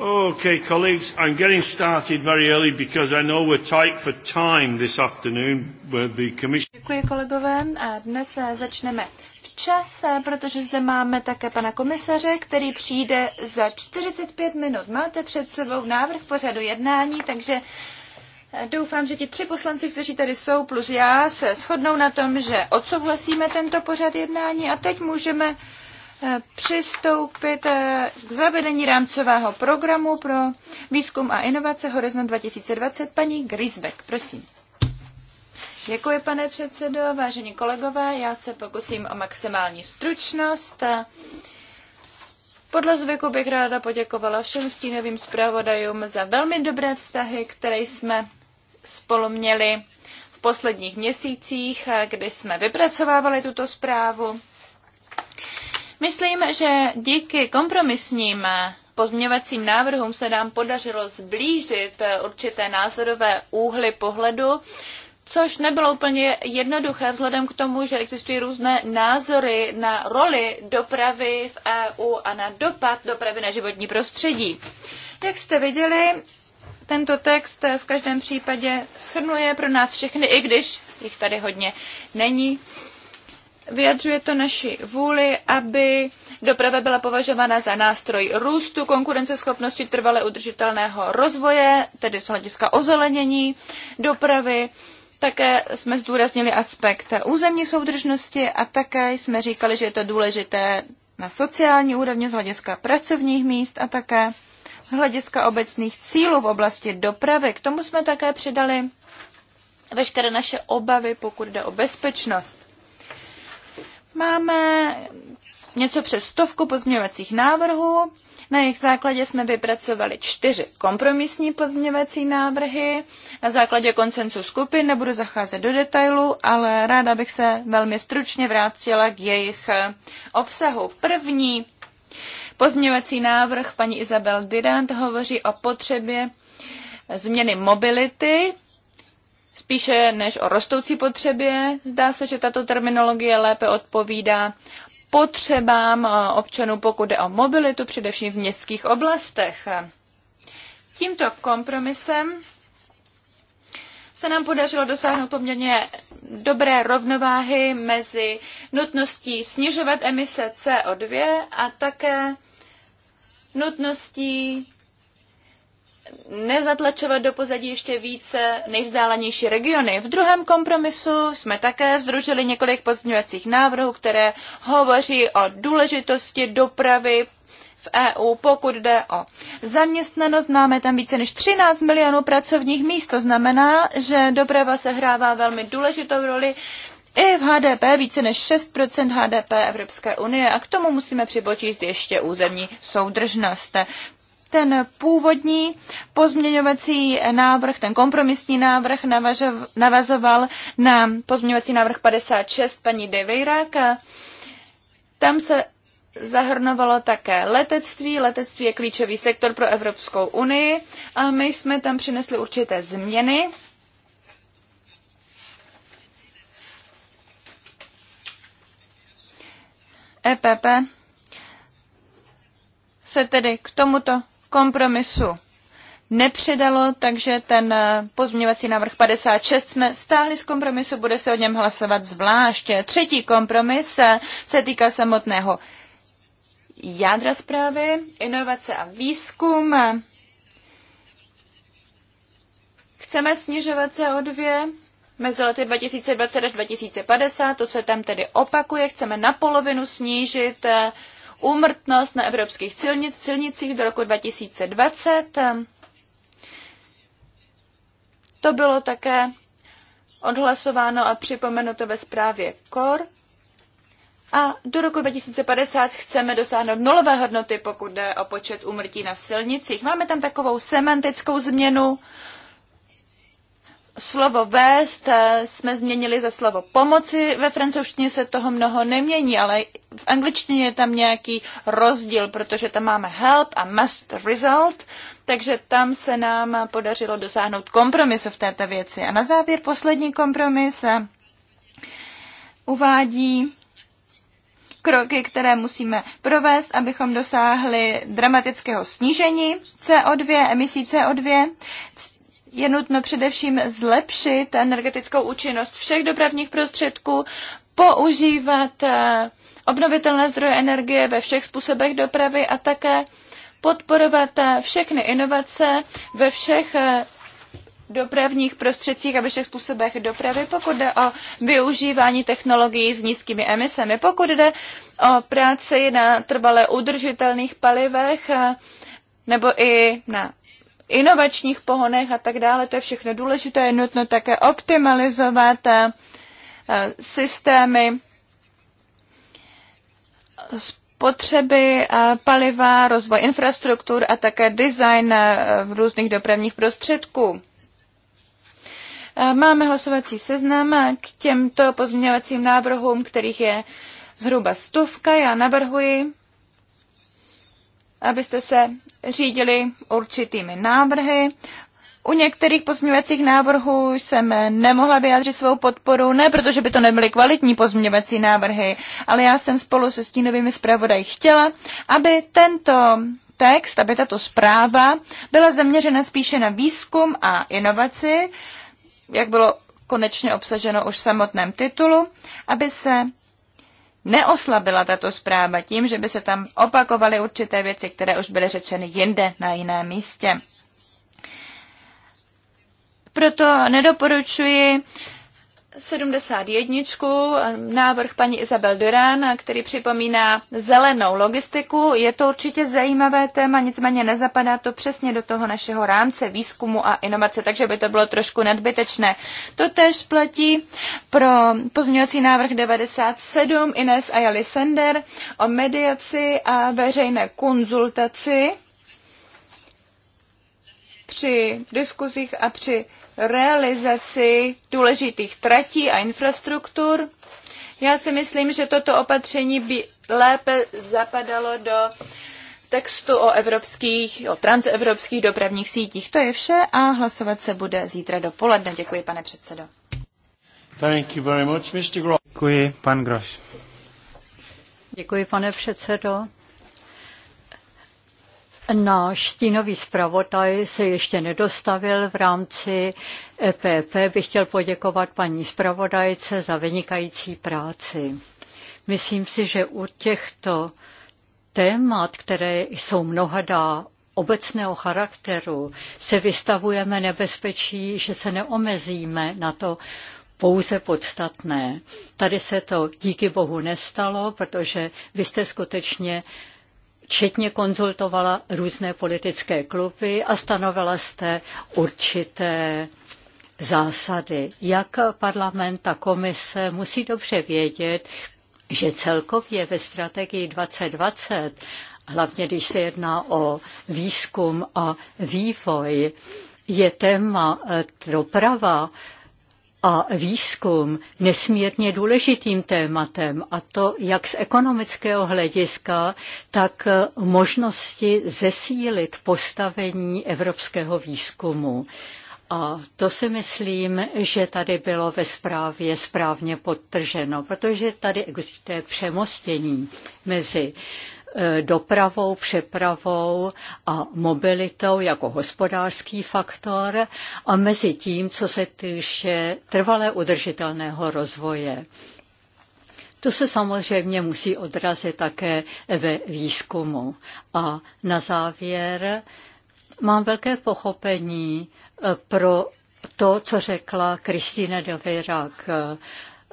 Okay, colleagues, I'm getting started very early because I know we're tight for time this afternoon with the commission. Děkuji kolegové a dnes eh, začneme včas, protože zde máme také pana komisaře, který přijde za 45 minut. Máte před sebou návrh pořadu jednání, takže eh, Doufám, že ti tři poslanci, kteří tady jsou, plus já, se shodnou na tom, že odsouhlasíme tento pořad jednání a teď můžeme Eh, přistoupit eh, k zavedení rámcového programu pro výzkum a inovace Horizon 2020. Paní Grisbeck, prosím. Děkuji, pane předsedo, vážení kolegové. Já se pokusím o maximální stručnost. Podle zvyku bych ráda poděkovala všem stínovým zpravodajům za velmi dobré vztahy, které jsme spolu měli v posledních měsících, eh, kdy jsme vypracovávali tuto zprávu. Myslím, že díky kompromisním pozměňovacím návrhům se nám podařilo zblížit určité názorové úhly pohledu, což nebylo úplně jednoduché vzhledem k tomu, že existují různé názory na roli dopravy v EU a na dopad dopravy na životní prostředí. Jak jste viděli, tento text v každém případě schrnuje pro nás všechny, i když jich tady hodně není, Vyjadřuje to naši vůli, aby doprava byla považována za nástroj růstu, konkurenceschopnosti trvale udržitelného rozvoje, tedy z hlediska ozelenění dopravy. Také jsme zdůraznili aspekt územní soudržnosti a také jsme říkali, že je to důležité na sociální úrovni z hlediska pracovních míst a také z hlediska obecných cílů v oblasti dopravy. K tomu jsme také přidali veškeré naše obavy, pokud jde o bezpečnost. Máme něco přes stovku pozměňovacích návrhů. Na jejich základě jsme vypracovali čtyři kompromisní pozměňovací návrhy. Na základě koncensu skupin nebudu zacházet do detailu, ale ráda bych se velmi stručně vrátila k jejich eh, obsahu. První pozměňovací návrh paní Isabel Dirant hovoří o potřebě změny mobility Spíše než o rostoucí potřebě, zdá se, že tato terminologie lépe odpovídá potřebám eh, občanů, pokud jde o mobilitu, především v městských oblastech. Tímto kompromisem se nám podařilo dosáhnout poměrně dobré rovnováhy mezi nutností snižovat emise CO2 a také nutností nezatlačovat do pozadí ještě více nejvzdálenější regiony. V druhém kompromisu jsme také združili několik pozměňovacích návrhů, které hovoří o důležitosti dopravy v EU, pokud jde o zaměstnanost, máme tam více než 13 milionů pracovních míst. To znamená, že doprava se hrává velmi důležitou roli i v HDP více než 6% HDP Evropské unie a k tomu musíme připočíst ještě územní soudržnost. Ten původní pozměňovací návrh, ten kompromisní návrh navazoval na pozměňovací návrh 56 paní De Vejráka. Tam se zahrnovalo také letectví. Letectví je klíčový sektor pro Evropskou unii a my jsme tam přinesli určité změny. EPP se tedy k tomuto kompromisu nepřidalo, takže ten eh, pozměňovací návrh 56 jsme stáhli z kompromisu, bude se o něm hlasovat zvlášť. Třetí kompromis eh, se týká samotného jádra zprávy, inovace a výzkum. Chceme snižovat CO2 mezi lety 2020 až 2050, to se tam tedy opakuje, chceme na polovinu snížit eh, úmrtnost na evropských silnic, silnicích do roku 2020. To bylo také odhlasováno a připomenuto ve zprávě KOR. A do roku 2050 chceme dosáhnout nulové hodnoty, pokud jde o počet úmrtí na silnicích. Máme tam takovou semantickou změnu, slovo vést eh, jsme změnili za slovo pomoci. Ve francouzštině se toho mnoho nemění, ale v angličtině je tam nějaký rozdíl, protože tam máme help a must result, takže tam se nám podařilo dosáhnout kompromisu v této věci. A na závěr poslední kompromis eh, uvádí kroky, které musíme provést, abychom dosáhli dramatického snížení CO2, emisí CO2 je nutno především zlepšit energetickou účinnost všech dopravních prostředků, používat eh, obnovitelné zdroje energie ve všech způsobech dopravy a také podporovat eh, všechny inovace ve všech eh, dopravních prostředcích a ve všech způsobech dopravy, pokud jde o využívání technologií s nízkými emisemi, pokud jde o práci na trvale udržitelných palivech nebo i na inovačních pohonech a tak dále. To je všechno důležité. Je nutno také optimalizovat eh, systémy spotřeby eh, paliva, rozvoj infrastruktur a také design eh, různých dopravních prostředků. Máme hlasovací seznam k těmto pozměňovacím návrhům, kterých je zhruba stovka. Já navrhuji, abyste se řídili určitými návrhy. U některých pozměňovacích návrhů jsem nemohla vyjádřit svou podporu, ne protože by to nebyly kvalitní pozměňovací návrhy, ale já jsem spolu se stínovými zpravodaji chtěla, aby tento text, aby tato zpráva byla zaměřena spíše na výzkum a inovaci, jak bylo konečně obsaženo už v samotném titulu, aby se neoslabila tato zpráva tím, že by se tam opakovaly určité věci, které už byly řečeny jinde na jiném místě. Proto nedoporučuji 71, návrh paní Isabel Duran, který připomíná zelenou logistiku. Je to určitě zajímavé téma, nicméně nezapadá to přesně do toho našeho rámce výzkumu a inovace, takže by to bylo trošku nadbytečné. To tež platí pro pozměňovací návrh 97 Ines Ayali Sender o mediaci a veřejné konzultaci při diskuzích a při realizaci důležitých tratí a infrastruktur. Já si myslím, že toto opatření by lépe zapadalo do textu o evropských, o transevropských dopravních sítích. To je vše a hlasovat se bude zítra dopoledne. Děkuji, pane předsedo. Thank you very much, Mr. Gro- Děkuji, pan Groš. Děkuji, pane předsedo. Náš stínový zpravodaj se ještě nedostavil v rámci EPP. Bych chtěl poděkovat paní zpravodajce za vynikající práci. Myslím si, že u těchto témat, které jsou mnohadá obecného charakteru, se vystavujeme nebezpečí, že se neomezíme na to pouze podstatné. Tady se to díky bohu nestalo, protože vy jste skutečně včetně konzultovala různé politické kluby a stanovila jste určité zásady. Jak parlament a komise musí dobře vědět, že celkově ve strategii 2020, hlavně když se jedná o výzkum a vývoj, je téma eh, doprava a výzkum nesmírně důležitým tématem, a to jak z ekonomického hlediska, tak možnosti zesílit postavení evropského výzkumu. A to si myslím, že tady bylo ve zprávě správně podtrženo, protože tady existuje přemostění mezi E, dopravou, přepravou a mobilitou jako hospodářský faktor a mezi tím, co se týče trvalé udržitelného rozvoje. To se samozřejmě musí odrazit také ve výzkumu. A na závěr mám velké pochopení e, pro to, co řekla Kristýna Dovirak e,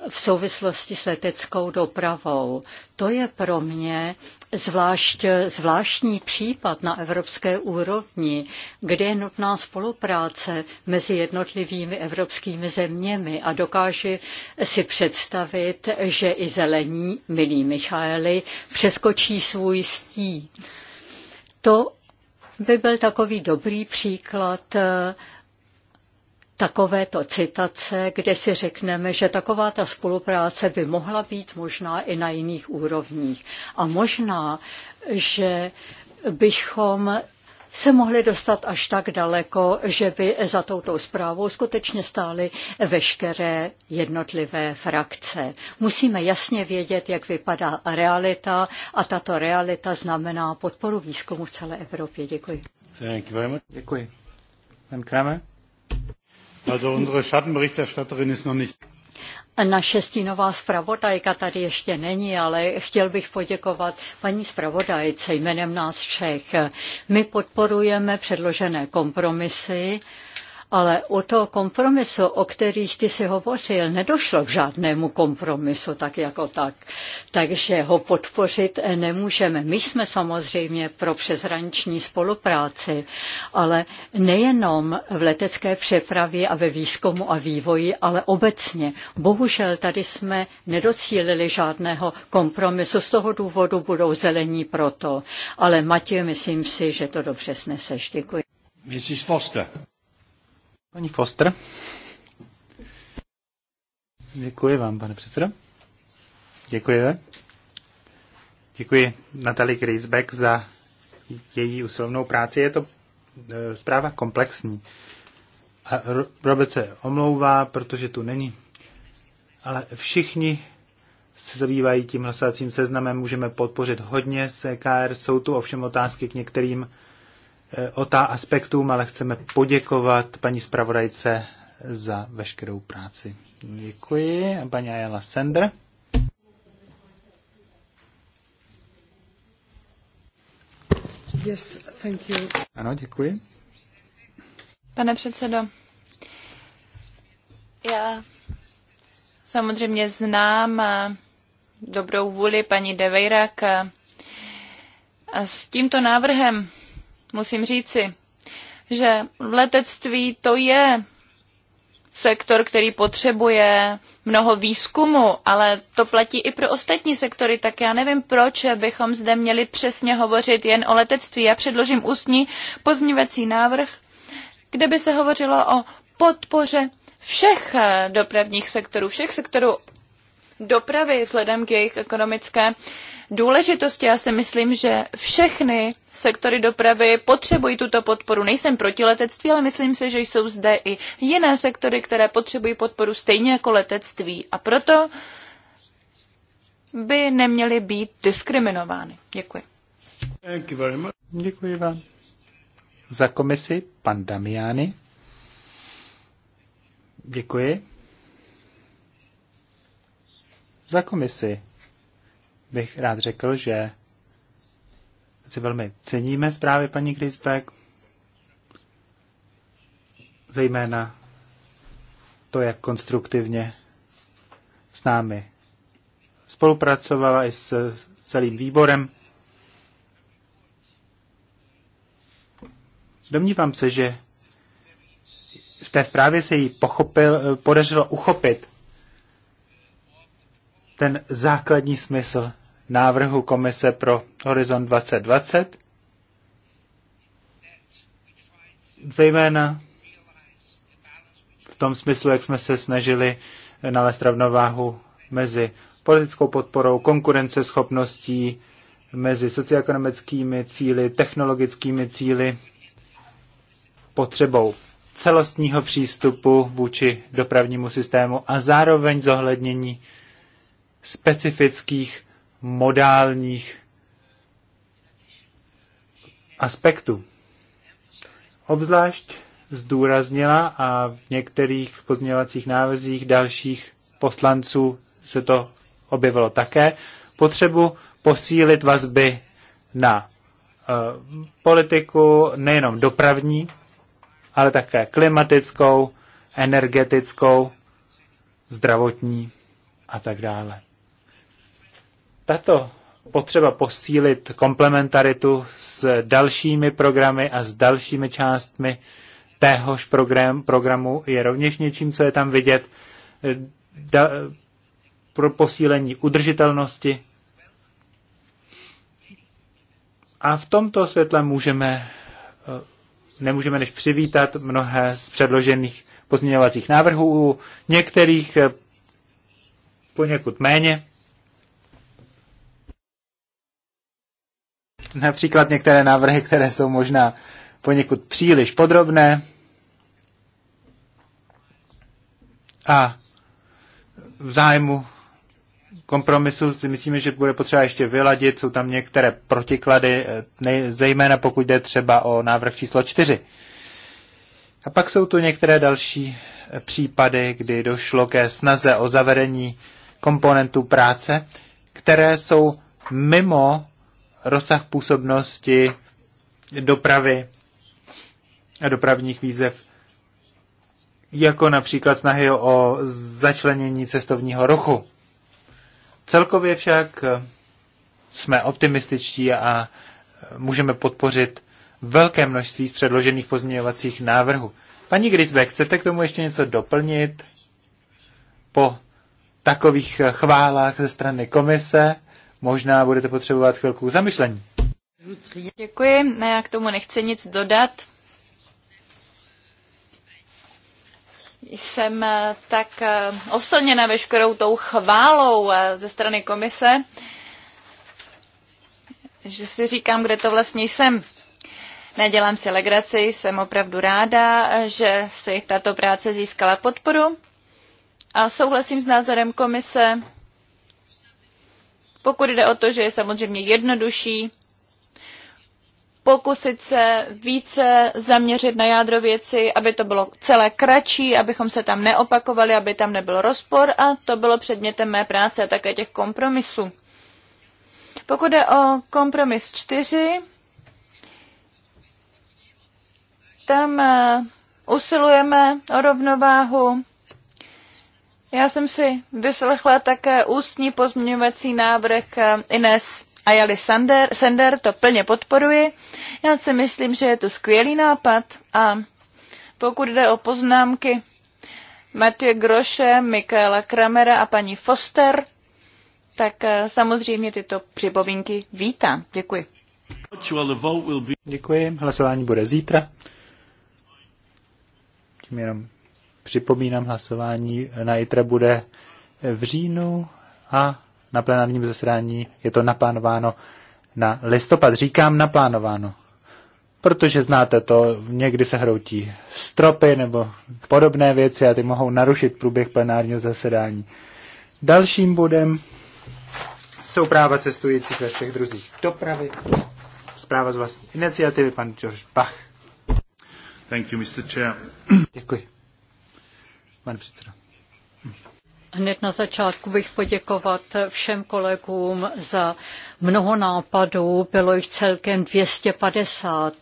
v souvislosti s leteckou dopravou. To je pro mě zvlášť zvláštní případ na evropské úrovni, kde je nutná spolupráce mezi jednotlivými evropskými zeměmi a dokáže si představit, že i zelení, milí Michaeli, přeskočí svůj stí. To by byl takový dobrý příklad takovéto citace, kde si řekneme, že taková ta spolupráce by mohla být možná i na jiných úrovních. A možná, že bychom se mohli dostat až tak daleko, že by za touto zprávou skutečně stály veškeré jednotlivé frakce. Musíme jasně vědět, jak vypadá realita a tato realita znamená podporu výzkumu v celé Evropě. Děkuji. Děkuji. Pan Kramer? Also unsere Schattenberichterstatterin ist noch nicht. Naše stínová zpravodajka tady ještě není, ale chtěl bych poděkovat paní zpravodajce jménem nás všech. My podporujeme předložené kompromisy ale u toho kompromisu, o kterých ty si hovořil, nedošlo k žádnému kompromisu tak jako tak. Takže ho podpořit nemůžeme. My jsme samozřejmě pro přeshraniční spolupráci, ale nejenom v letecké přepravě a ve výzkumu a vývoji, ale obecně. Bohužel tady jsme nedocílili žádného kompromisu. Z toho důvodu budou zelení proto. Ale Matěj, myslím si, že to dobře sneseš. Děkuji. Mrs. Foster. Paní Foster. Děkuji vám, pane předsedo. Děkuji. Děkuji Natali Grisbeck za její usilovnou práci. Je to e, zpráva komplexní. A Robert se omlouvá, protože tu není. Ale všichni se zabývají tím hlasovacím seznamem, můžeme podpořit hodně CKR. E Jsou tu ovšem otázky k některým Eh, o ta aspektům, ale chceme poděkovat paní zpravodajce za veškerou práci. Děkuji. A paní Ayala Sender. Yes, thank you. Ano, děkuji. Pane předsedo, já samozřejmě znám eh, dobrou vůli paní Deveirak eh, s tímto návrhem musím říci, že v letectví to je sektor, který potřebuje mnoho výzkumu, ale to platí i pro ostatní sektory, tak já nevím, proč bychom zde měli přesně hovořit jen o letectví. Já předložím ústní pozměvací návrh, kde by se hovořilo o podpoře všech dopravních sektorů, všech sektorů dopravy vzhledem k jejich ekonomické uh, důležitosti. Já si myslím, že všechny sektory dopravy potřebují tuto podporu. Nejsem proti letectví, ale myslím si, že jsou zde i jiné sektory, které potřebují podporu stejně jako letectví. A proto by neměly být diskriminovány. Děkuji. Děkuji vám. Za komisi pan Damiani. Děkuji. Za komisi bych rád řekl, že si velmi ceníme zprávy paní Grisbeck, zejména to, jak konstruktivně s námi spolupracovala i s celým výborem. Domnívám se, že v té zprávě se jí pochopil, podařilo uchopit ten základní smysl návrhu Komise pro Horizon 2020, zejména v tom smyslu, jak jsme se snažili nalézt rovnováhu mezi politickou podporou, konkurenceschopností, mezi socioekonomickými cíly, technologickými cíly, potřebou celostního přístupu vůči dopravnímu systému a zároveň zohlednění specifických modálních aspektů. Obzvlášť zdůraznila a v některých pozměňovacích návrzích dalších poslanců se to objevilo také, potřebu posílit vazby na uh, politiku nejenom dopravní, ale také klimatickou, energetickou, zdravotní a tak dále. Tato potřeba posílit komplementaritu s dalšími programy a s dalšími částmi téhož program, programu je rovněž něčím, co je tam vidět. Da, pro posílení udržitelnosti. A v tomto světle můžeme, eh, nemůžeme než přivítat mnohé z předložených pozměňovacích návrhů, některých eh, poněkud méně. například některé návrhy, které jsou možná poněkud příliš podrobné. A v zájmu kompromisu si myslíme, že bude potřeba ještě vyladit. Jsou tam některé protiklady, eh, nej, zejména pokud jde třeba o návrh číslo 4. A pak jsou tu některé další eh, případy, kdy došlo ke snaze o zavedení komponentů práce, které jsou mimo rozsah působnosti dopravy a dopravních výzev, jako například snahy o začlenění cestovního ruchu. Celkově však jsme optimističtí a můžeme podpořit velké množství z předložených pozměňovacích návrhů. Paní Grisbe, chcete k tomu ještě něco doplnit po takových chválách ze strany komise? možná budete potřebovat chvilku zamyšlení. Děkuji, ne, já k tomu nechci nic dodat. Jsem eh, tak eh, oslněna veškerou tou chválou eh, ze strany komise, že si říkám, kde to vlastně jsem. Nedělám si legraci, jsem opravdu ráda, že si tato práce získala podporu a souhlasím s názorem komise, pokud jde o to, že je samozřejmě jednodušší pokusit se více zaměřit na jádro věci, aby to bylo celé kratší, abychom se tam neopakovali, aby tam nebyl rozpor a to bylo předmětem mé práce a také těch kompromisů. Pokud jde o kompromis 4, tam eh, usilujeme o rovnováhu já jsem si vyslechla také ústní pozměňovací návrh eh, Ines Jali Sander, Sender, to plně podporuji. Já si myslím, že je to skvělý nápad a pokud jde o poznámky Matěje Groše, Michaela Kramera a paní Foster, tak eh, samozřejmě tyto připomínky vítám. Děkuji. Děkuji. Hlasování bude zítra. Tím jenom Připomínám, hlasování na ITRE bude v říjnu a na plenárním zasedání je to naplánováno na listopad. Říkám naplánováno, protože znáte to, někdy se hroutí stropy nebo podobné věci a ty mohou narušit průběh plenárního zasedání. Dalším bodem jsou práva cestujících ve všech druzích dopravy. Zpráva z vlastní iniciativy, pan George Bach. Thank you, Mr. Chair. Děkuji, Pane předseda. Hned na začátku bych poděkovat všem kolegům za mnoho nápadů, bylo jich celkem 250,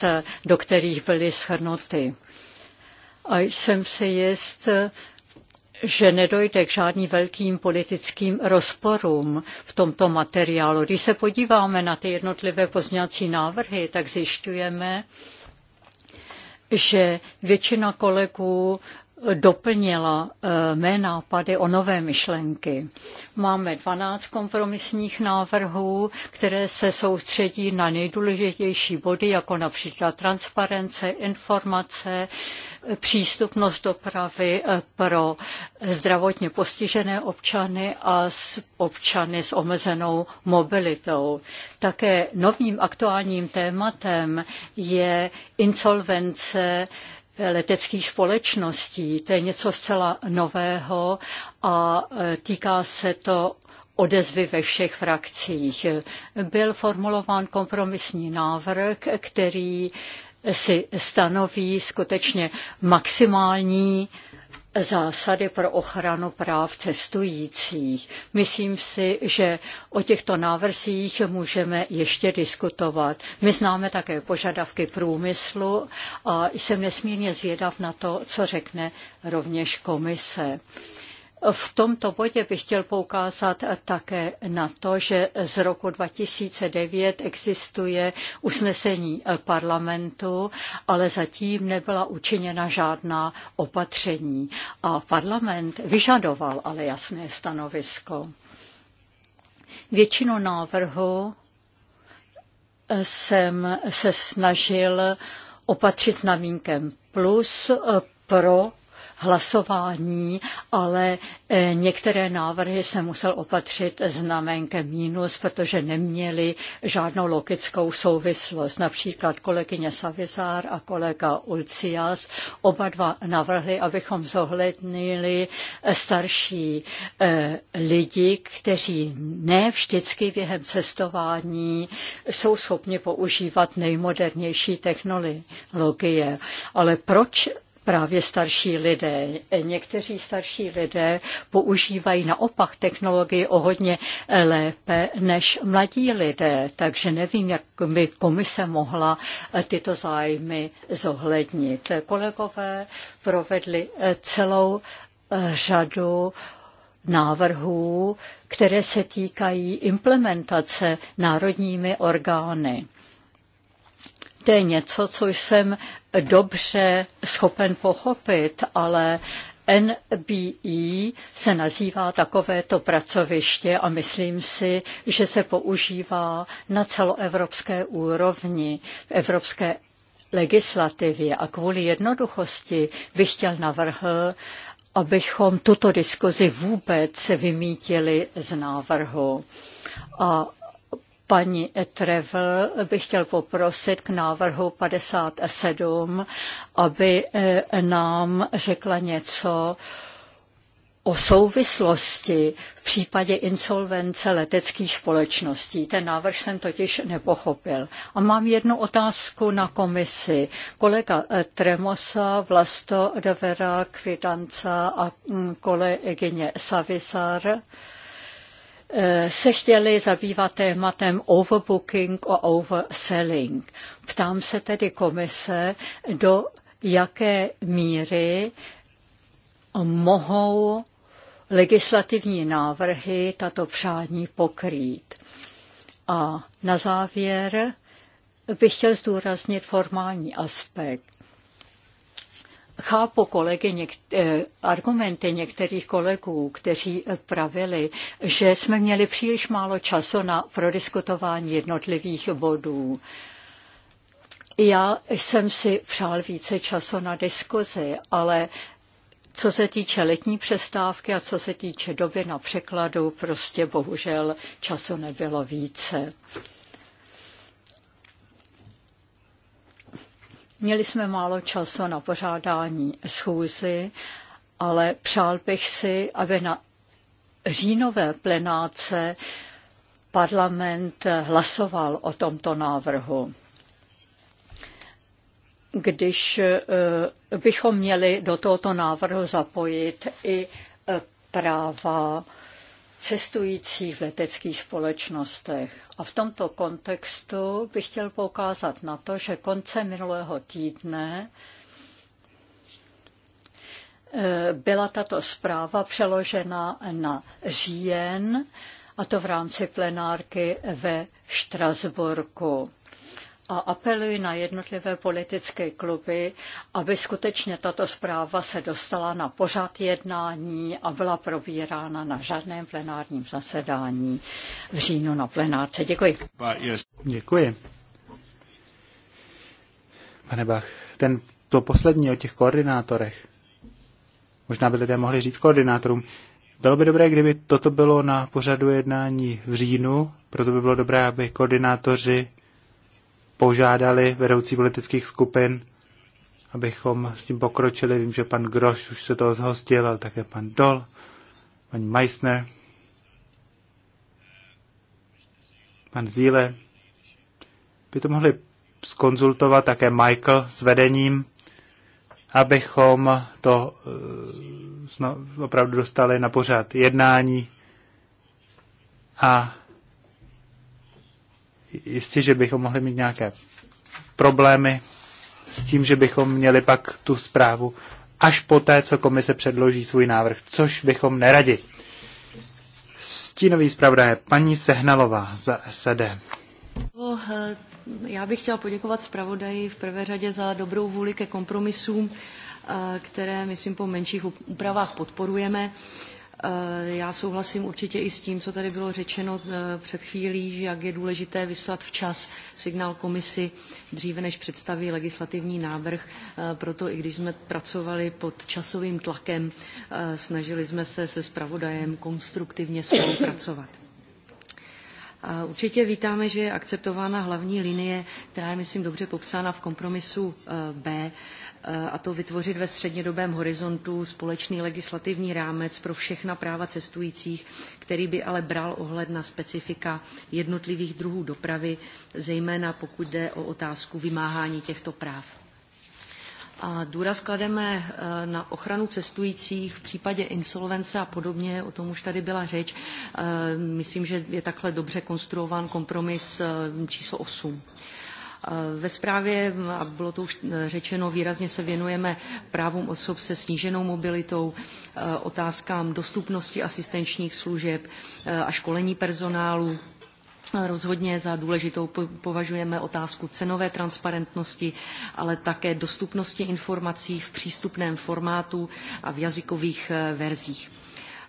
do kterých byly shrnuty. A jsem si jist, že nedojde k žádným velkým politickým rozporům v tomto materiálu. Když se podíváme na ty jednotlivé pozňací návrhy, tak zjišťujeme, že většina kolegů doplnila eh, mé nápady o nové myšlenky. Máme 12 kompromisních návrhů, které se soustředí na nejdůležitější body, jako například transparence, informace, přístupnost dopravy eh, pro zdravotně postižené občany a s občany s omezenou mobilitou. Také novým aktuálním tématem je insolvence leteckých společností. To je něco zcela nového a e, týká se to odezvy ve všech frakcích. Byl formulován kompromisní návrh, který si stanoví skutečně maximální zásady pro ochranu práv cestujících. Myslím si, že o těchto návrzích můžeme ještě diskutovat. My známe také požadavky průmyslu a jsem nesmírně zvědav na to, co řekne rovněž komise. V tomto bodě bych chtěl poukázat také na to, že z roku 2009 existuje usnesení parlamentu, ale zatím nebyla učiněna žádná opatření. A parlament vyžadoval ale jasné stanovisko. Většinu návrhu jsem se snažil opatřit znamínkem plus pro hlasování, ale eh, některé návrhy se musel opatřit znamenkem mínus, protože neměly žádnou logickou souvislost. Například kolegyně Savizár a kolega Ulcias oba dva navrhli, abychom zohlednili eh, starší eh, lidi, kteří ne vždycky během cestování jsou schopni používat nejmodernější technologie. Ale proč právě starší lidé. Někteří starší lidé používají naopak technologii o hodně lépe než mladí lidé, takže nevím, jak by komise mohla eh, tyto zájmy zohlednit. Kolegové provedli eh, celou eh, řadu návrhů, které se týkají implementace národními orgány. To je něco, co jsem dobře schopen pochopit, ale NBI e se nazývá takovéto pracoviště a myslím si, že se používá na celoevropské úrovni, v evropské legislativě a kvůli jednoduchosti bych chtěl navrhl, abychom tuto diskuzi vůbec vymítili z návrhu. A paní Trevel bych chtěl poprosit k návrhu 57, aby eh, nám řekla něco o souvislosti v případě insolvence leteckých společností. Ten návrh jsem totiž nepochopil. A mám jednu otázku na komisi. Kolega eh, Tremosa, Vlasto Devera, Kvidanca a mm, kolegyně Savisar Eh, se chtěli zabývat tématem overbooking a overselling. Ptám se tedy komise, do jaké míry mohou legislativní návrhy tato přání pokrýt. A na závěr bych chtěl zdůraznit formální aspekt. Chápu kolegy něk- eh, argumenty některých kolegů, kteří pravili, že jsme měli příliš málo času na prodiskutování jednotlivých bodů. Já jsem si přál více času na diskuzi, ale co se týče letní přestávky a co se týče doby na překladu, prostě bohužel času nebylo více. Měli jsme málo času na pořádání schůzy, ale přál bych si, aby na říjnové plenáce parlament hlasoval o tomto návrhu. Když eh, bychom měli do tohoto návrhu zapojit i eh, práva cestujících v leteckých společnostech. A v tomto kontextu bych chtěl poukázat na to, že konce minulého týdne eh, byla tato zpráva přeložena na říjen, a to v rámci plenárky ve Štrasburku a apeluji na jednotlivé politické kluby, aby skutečně tato zpráva se dostala na pořad jednání a byla probírána na žádném plenárním zasedání v říjnu na plenárce. Děkuji. Děkuji. Pane Bach, ten, to poslední o těch koordinátorech, možná by lidé mohli říct koordinátorům, bylo by dobré, kdyby toto bylo na pořadu jednání v říjnu, proto by bylo dobré, aby koordinátoři požádali vedoucí politických skupin, abychom s tím pokročili. Vím, že pan Groš už se toho zhostil, ale také pan Dol, paní Meissner, pan Zíle. By to mohli skonzultovat také Michael s vedením, abychom to eh, opravdu dostali na pořád jednání a jistě, že bychom mohli mít nějaké problémy s tím, že bychom měli pak tu zprávu až po té, co komise předloží svůj návrh, což bychom neradi. Stínový zpravodaj paní Sehnalová za SED. Eh, já bych chtěla poděkovat zpravodaji v prvé řadě za dobrou vůli ke kompromisům, eh, které, myslím, po menších úpravách podporujeme. Eh, já souhlasím určitě i s tím, co tady bylo řečeno eh, před chvílí, jak je důležité vyslat včas signál komisi dříve, než představí legislativní návrh. Eh, proto i když jsme pracovali pod časovým tlakem, snažili jsme se se spravodajem konstruktivně spolupracovat. A určitě vítáme, že je akceptována hlavní linie, která je, myslím, dobře popsána v kompromisu eh, B, eh, a to vytvořit ve střednědobém horizontu společný legislativní rámec pro všechna práva cestujících, který by ale bral ohled na specifika jednotlivých druhů dopravy, zejména pokud jde o otázku vymáhání těchto práv. A důraz klademe e, na ochranu cestujících v případě insolvence a podobně, o tom už tady byla řeč. E, myslím, že je takhle dobře konstruován kompromis e, číslo 8. Ve zprávě, a bylo to už řečeno, výrazně se věnujeme právům osob se sníženou mobilitou, otázkám dostupnosti asistenčních služeb a školení personálu, Rozhodně za důležitou považujeme otázku cenové transparentnosti, ale také dostupnosti informací v přístupném formátu a v jazykových eh, verzích.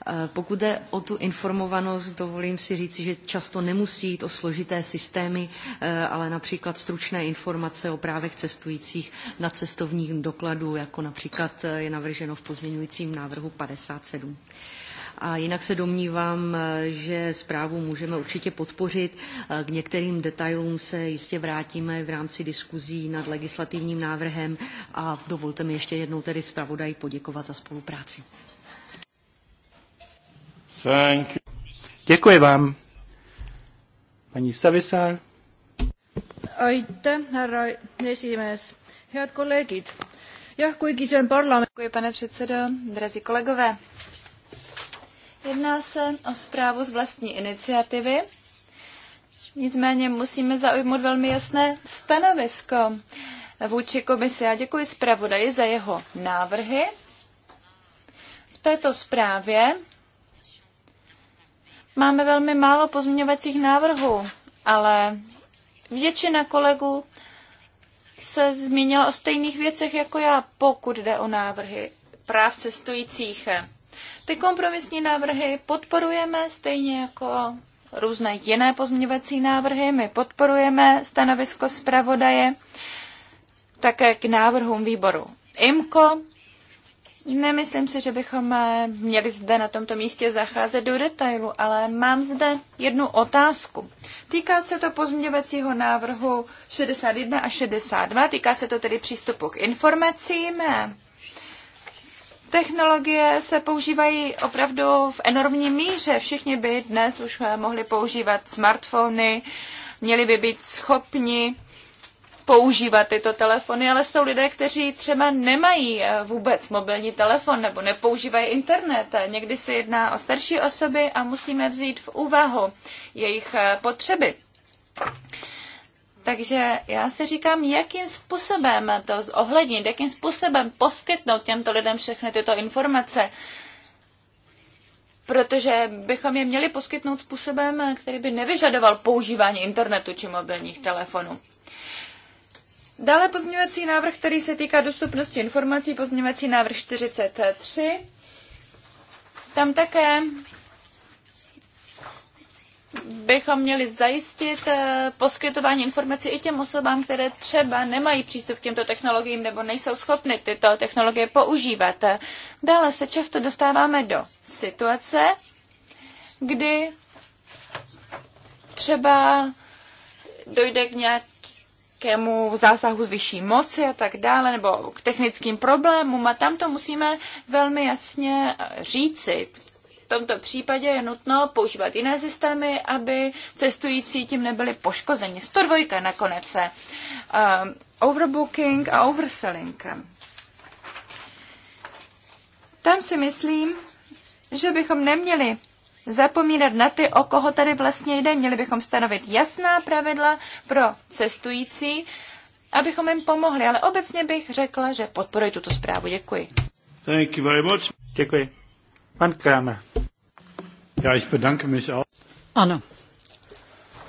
Eh, pokud jde o tu informovanost, dovolím si říci, že často nemusí jít o složité systémy, eh, ale například stručné informace o právech cestujících na cestovním dokladu, jako například je navrženo v pozměňujícím návrhu 57. A jinak se domnívám, že zprávu můžeme určitě podpořit. K některým detailům se jistě vrátíme v rámci diskuzí nad legislativním návrhem a dovolte mi ještě jednou tedy zpravodaj poděkovat za spolupráci. Thank you. Děkuji vám. Paní Savisár. Aitäh, härra esimees. Head kolleegid. Jah, kuigi see on parlament... Děkuji, pane předsedo, drazí kolegové. Jedná se o zprávu z vlastní iniciativy. Nicméně musíme zaujmout velmi jasné stanovisko vůči komisi. Já děkuji zpravodaji za jeho návrhy. V této zprávě máme velmi málo pozměňovacích návrhů, ale většina kolegů se zmínila o stejných věcech jako já, pokud jde o návrhy práv cestujících. Ty kompromisní návrhy podporujeme stejně jako různé jiné pozměňovací návrhy. My podporujeme stanovisko zpravodaje také k návrhům výboru IMCO. Nemyslím si, že bychom eh, měli zde na tomto místě zacházet do detailu, ale mám zde jednu otázku. Týká se to pozměňovacího návrhu 61 a 62, týká se to tedy přístupu k informacím. Technologie se používají opravdu v enormní míře. Všichni by dnes už eh, mohli používat smartfony, měli by být schopni používat tyto telefony, ale jsou lidé, kteří třeba nemají eh, vůbec mobilní telefon nebo nepoužívají internet. Někdy se jedná o starší osoby a musíme vzít v úvahu jejich eh, potřeby. Takže já si říkám, jakým způsobem to zohlednit, jakým způsobem poskytnout těmto lidem všechny tyto informace, protože bychom je měli poskytnout způsobem, který by nevyžadoval používání internetu či mobilních telefonů. Dále pozměňovací návrh, který se týká dostupnosti informací, pozměňovací návrh 43. Tam také bychom měli zajistit eh, poskytování informací i těm osobám, které třeba nemají přístup k těmto technologiím nebo nejsou schopny tyto technologie používat. Dále se často dostáváme do situace, kdy třeba dojde k nějakému zásahu z vyšší moci a tak dále, nebo k technickým problémům a tam to musíme velmi jasně říci, v tomto případě je nutno používat jiné systémy, aby cestující tím nebyli poškozeni. 102 nakonec. Uh, overbooking a overselling. Tam si myslím, že bychom neměli zapomínat na ty, o koho tady vlastně jde. Měli bychom stanovit jasná pravidla pro cestující, abychom jim pomohli. Ale obecně bych řekla, že podporuji tuto zprávu. Děkuji. Thank you very much. Děkuji. Pan Kramer. Já ich bedanke mich auch. Ano.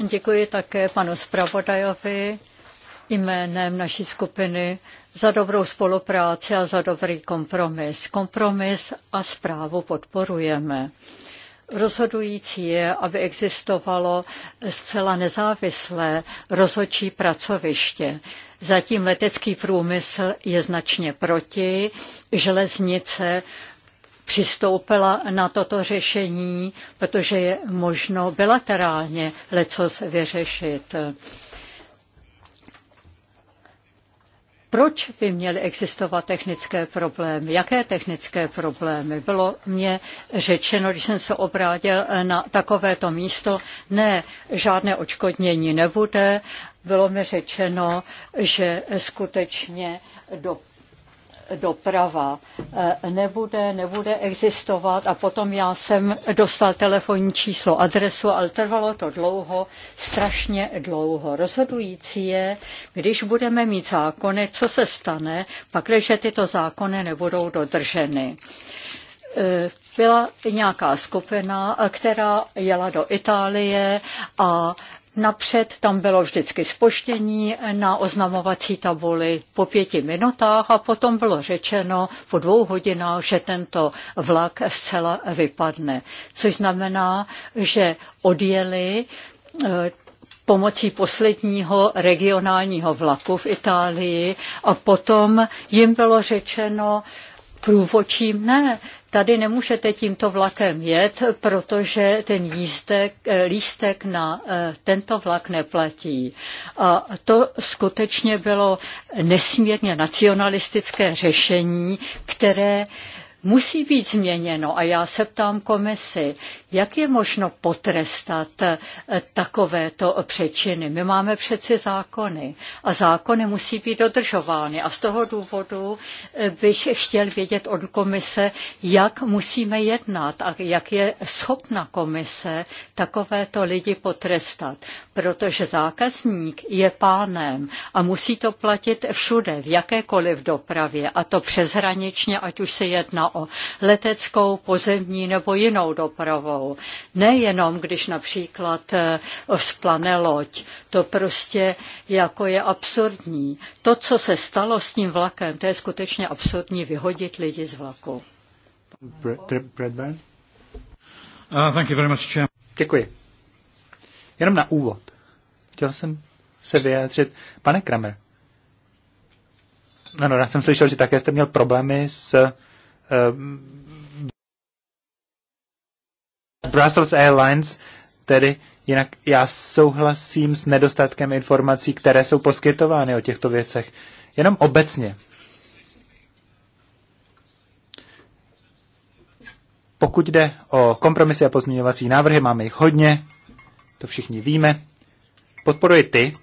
Děkuji také panu zpravodajovi jménem naší skupiny za dobrou spolupráci a za dobrý kompromis. Kompromis a zprávu podporujeme. Rozhodující je, aby existovalo zcela nezávislé rozhodčí pracoviště. Zatím letecký průmysl je značně proti, železnice přistoupila na toto řešení, protože je možno bilaterálně lecos vyřešit. Proč by měly existovat technické problémy? Jaké technické problémy? Bylo mě řečeno, když jsem se obrátil na takovéto místo, ne, žádné očkodnění nebude. Bylo mi řečeno, že skutečně do doprava eh, nebude, nebude existovat a potom já jsem dostal telefonní číslo, adresu, ale trvalo to dlouho, strašně dlouho. Rozhodující je, když budeme mít zákony, co se stane, pakliže tyto zákony nebudou dodrženy eh, byla nějaká skupina, eh, která jela do Itálie a Napřed tam bylo vždycky spoštění na oznamovací tabuli po pěti minutách a potom bylo řečeno po dvou hodinách, že tento vlak zcela vypadne. Což znamená, že odjeli eh, pomocí posledního regionálního vlaku v Itálii a potom jim bylo řečeno, průvočím ne. Tady nemůžete tímto vlakem jet, protože ten jízdek, eh, lístek na eh, tento vlak neplatí. A to skutečně bylo nesmírně nacionalistické řešení, které musí být změněno. A já se ptám komisi, jak je možno potrestat eh, takovéto přečiny. My máme přeci zákony a zákony musí být dodržovány. A z toho důvodu eh, bych chtěl vědět od komise, jak musíme jednat a jak je schopna komise takovéto lidi potrestat. Protože zákazník je pánem a musí to platit všude, v jakékoliv dopravě, a to přeshraničně, ať už se jedná o leteckou, pozemní nebo jinou dopravou. Nejenom, když například eh, vzplane loď. To prostě jako je absurdní. To, co se stalo s tím vlakem, to je skutečně absurdní vyhodit lidi z vlaku. Bradburn? Uh, thank you very much, Děkuji. Jenom na úvod. Chtěl jsem se vyjádřit. Pane Kramer, ano, no, já jsem slyšel, že také jste měl problémy s Eh, Brussels Airlines, tedy jinak já souhlasím s nedostatkem informací, které jsou poskytovány o těchto věcech. Jenom obecně. Pokud jde o kompromisy a pozměňovací návrhy, máme jich hodně, to všichni víme. Podporuji ty,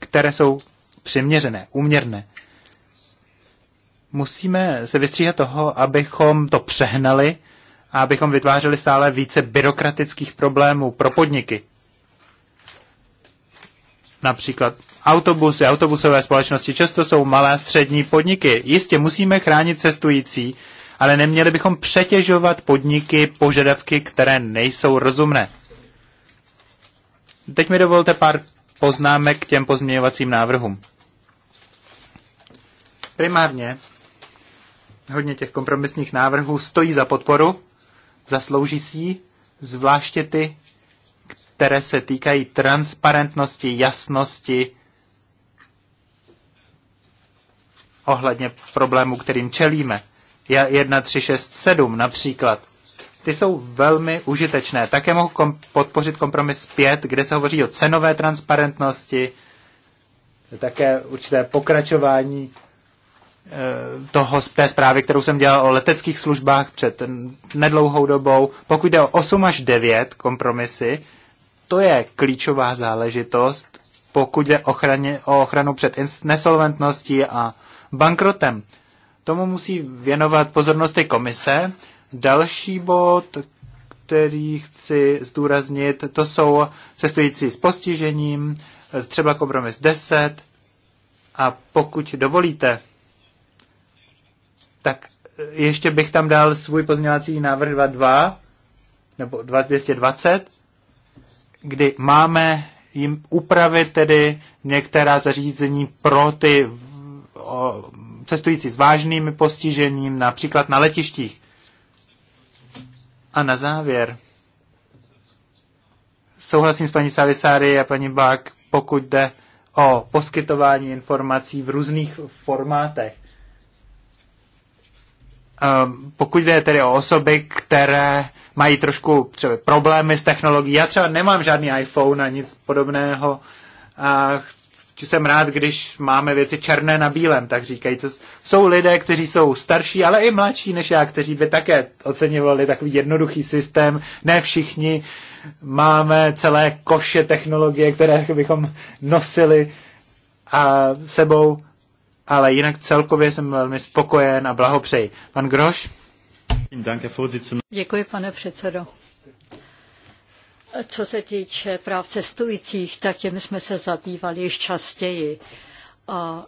které jsou přiměřené, úměrné musíme se vystříhat toho, abychom to přehnali a abychom vytvářeli stále více byrokratických problémů pro podniky. Například autobusy, autobusové společnosti často jsou malé a střední podniky. Jistě musíme chránit cestující, ale neměli bychom přetěžovat podniky požadavky, které nejsou rozumné. Teď mi dovolte pár poznámek k těm pozměňovacím návrhům. Primárně hodně těch kompromisních návrhů stojí za podporu, zaslouží si ji, zvláště ty, které se týkají transparentnosti, jasnosti ohledně problémů, kterým čelíme. 1, 3, 6, 7 například. Ty jsou velmi užitečné. Také mohu kom- podpořit kompromis 5, kde se hovoří o cenové transparentnosti, také určité pokračování Eh, toho, té zprávy, kterou jsem dělal o leteckých službách před nedlouhou dobou. Pokud jde o 8 až 9 kompromisy, to je klíčová záležitost, pokud jde ochraně, o ochranu před nesolventností a bankrotem. Tomu musí věnovat pozornost i komise. Další bod, který chci zdůraznit, to jsou cestující s postižením, eh, třeba kompromis 10. A pokud dovolíte, tak eh, ještě bych tam dal svůj pozměňovací návrh 22 nebo 220, kdy máme jim upravit tedy některá zařízení pro ty cestující s vážnými postižením, například na letištích. A na závěr souhlasím s paní Savisáry a paní bak pokud jde o poskytování informací v různých formátech. Ehm, pokud jde tedy o osoby, které mají trošku třeba problémy s technologií, já třeba nemám žádný iPhone a nic podobného, a jsem rád, když máme věci černé na bílém, tak říkají. To jsou lidé, kteří jsou starší, ale i mladší než já, kteří by také oceňovali takový jednoduchý systém. Ne všichni máme celé koše technologie, které bychom nosili a sebou ale jinak celkově jsem velmi spokojen a blahopřeji. Pan Groš? Děkuji, pane předsedo. Co se týče práv cestujících, tak těmi jsme se zabývali již častěji. A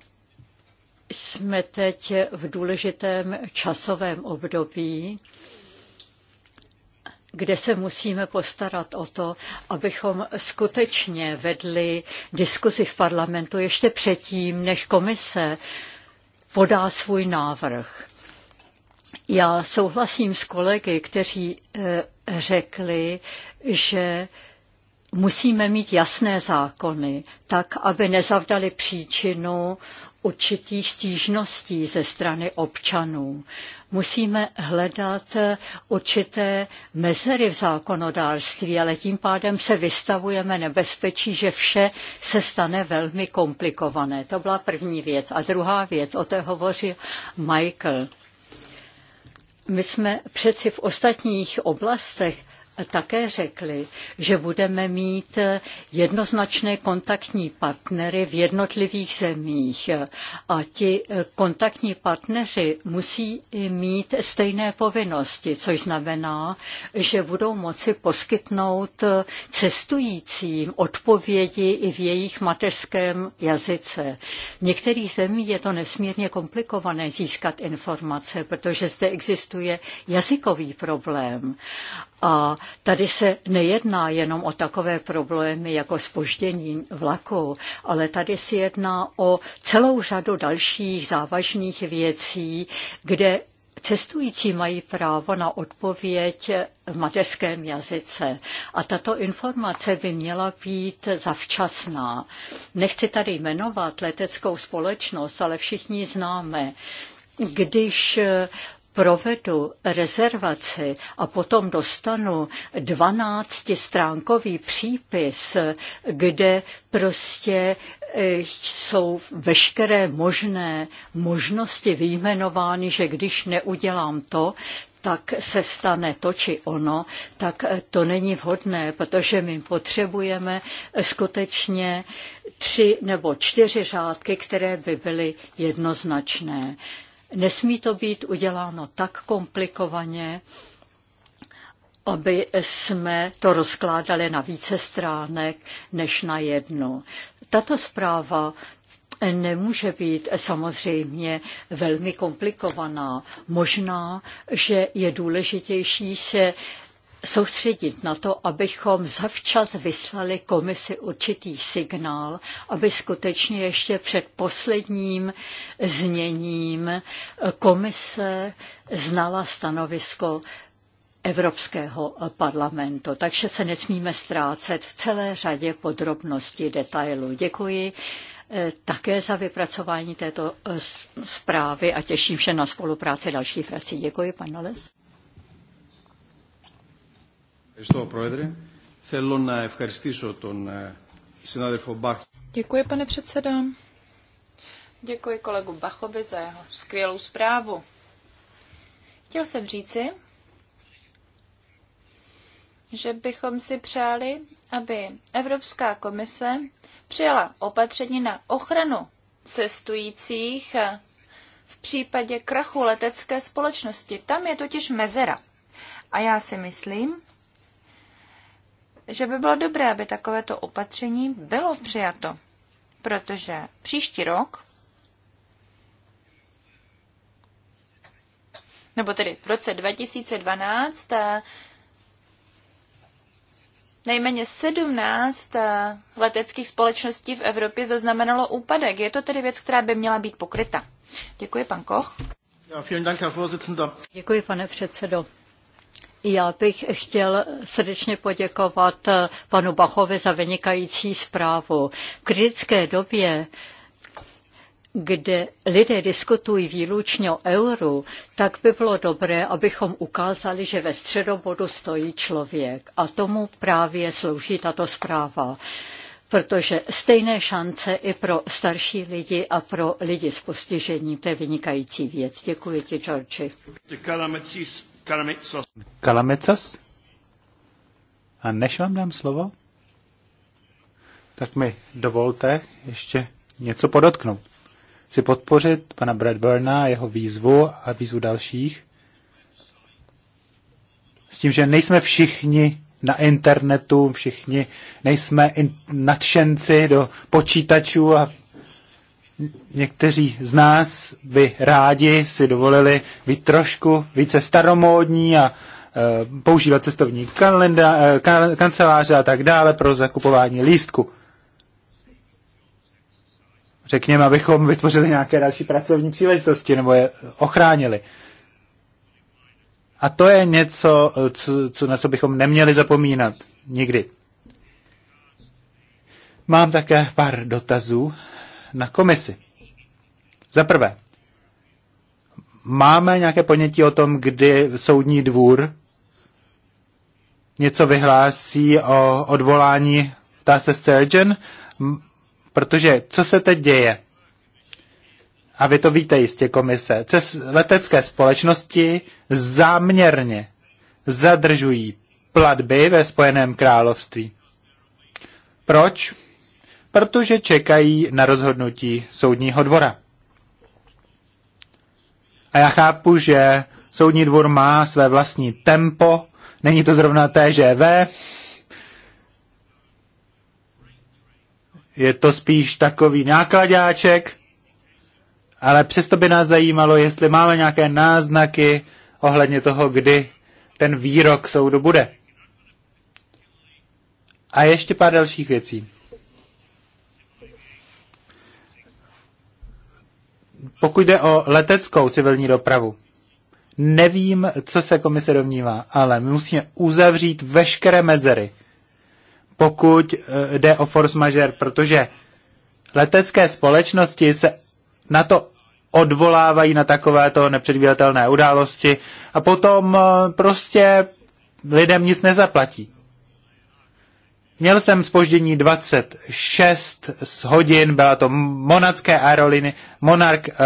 jsme teď v důležitém časovém období, kde se musíme postarat o to, abychom skutečně vedli diskuzi v parlamentu ještě předtím, než komise podá svůj návrh. Já souhlasím s kolegy, kteří eh, řekli, že musíme mít jasné zákony, tak aby nezavdali příčinu určitých stížností ze strany občanů. Musíme hledat určité mezery v zákonodárství, ale tím pádem se vystavujeme nebezpečí, že vše se stane velmi komplikované. To byla první věc. A druhá věc, o té hovoří Michael. My jsme přeci v ostatních oblastech také řekli, že budeme mít jednoznačné kontaktní partnery v jednotlivých zemích a ti kontaktní partneři musí mít stejné povinnosti, což znamená, že budou moci poskytnout cestujícím odpovědi i v jejich mateřském jazyce. V některých zemích je to nesmírně komplikované získat informace, protože zde existuje jazykový problém. A tady se nejedná jenom o takové problémy jako spoždění vlaků, ale tady se jedná o celou řadu dalších závažných věcí, kde Cestující mají právo na odpověď v mateřském jazyce a tato informace by měla být zavčasná. Nechci tady jmenovat leteckou společnost, ale všichni známe, když provedu rezervaci a potom dostanu 12-stránkový přípis, kde prostě eh, jsou veškeré možné možnosti vyjmenovány, že když neudělám to, tak se stane to či ono, tak eh, to není vhodné, protože my potřebujeme eh, skutečně tři nebo čtyři řádky, které by byly jednoznačné. Nesmí to být uděláno tak komplikovaně, aby jsme to rozkládali na více stránek než na jednu. Tato zpráva nemůže být samozřejmě velmi komplikovaná. Možná, že je důležitější se soustředit na to, abychom zavčas vyslali komisi určitý signál, aby skutečně ještě před posledním zněním komise znala stanovisko Evropského parlamentu. Takže se nesmíme ztrácet v celé řadě podrobností detailů. Děkuji eh, také za vypracování této eh, zprávy a těším se na spolupráci dalších frakcí. Děkuji, pan Nales. Děkuji, pane předsedo. Děkuji kolegu Bachovi za jeho skvělou zprávu. Chtěl jsem říci, že bychom si přáli, aby Evropská komise přijala opatření na ochranu cestujících v případě krachu letecké společnosti. Tam je totiž mezera. A já si myslím, že by bylo dobré, aby takovéto opatření bylo přijato, protože příští rok, nebo tedy v roce 2012, eh, Nejméně 17 eh, leteckých společností v Evropě zaznamenalo úpadek. Je to tedy věc, která by měla být pokryta. Děkuji, pan Koch. Děkuji, pane předsedo. Já bych chtěl srdečně poděkovat eh, panu Bachovi za vynikající zprávu. V kritické době kde lidé diskutují výlučně o euru, tak by bylo dobré, abychom ukázali, že ve středobodu stojí člověk. A tomu právě slouží tato zpráva. Protože stejné šance i pro starší lidi a pro lidi s postižením, to je vynikající věc. Děkuji ti, Georgi. Kalamecas. A než vám dám slovo, tak mi dovolte ještě něco podotknout. Chci podpořit pana Bradburna a jeho výzvu a výzvu dalších s tím, že nejsme všichni na internetu, všichni nejsme in- nadšenci do počítačů a někteří z nás by rádi si dovolili být trošku více staromódní a Eh, používat cestovní kalenda, eh, kanceláře a tak dále pro zakupování lístku. Řekněme, abychom vytvořili nějaké další pracovní příležitosti nebo je ochránili. A to je něco, co, co, na co bychom neměli zapomínat nikdy. Mám také pár dotazů na komisi. Za prvé, máme nějaké ponětí o tom, kdy soudní dvůr něco vyhlásí o odvolání Tase Sturgeon, protože co se teď děje? A vy to víte jistě, komise. Cez letecké společnosti záměrně zadržují platby ve Spojeném království. Proč? Protože čekají na rozhodnutí soudního dvora. A já chápu, že soudní dvor má své vlastní tempo Není to zrovna TŽV, je to spíš takový nákladáček, ale přesto by nás zajímalo, jestli máme nějaké náznaky ohledně toho, kdy ten výrok soudu bude. A ještě pár dalších věcí. Pokud jde o leteckou civilní dopravu, Nevím, co se komise domnívá, ale my musíme uzavřít veškeré mezery, pokud eh, jde o force majeure, protože letecké společnosti se na to odvolávají na takovéto nepředvídatelné události a potom eh, prostě lidem nic nezaplatí. Měl jsem spoždění 26 hodin, byla to monacké aeroliny, monark. uh,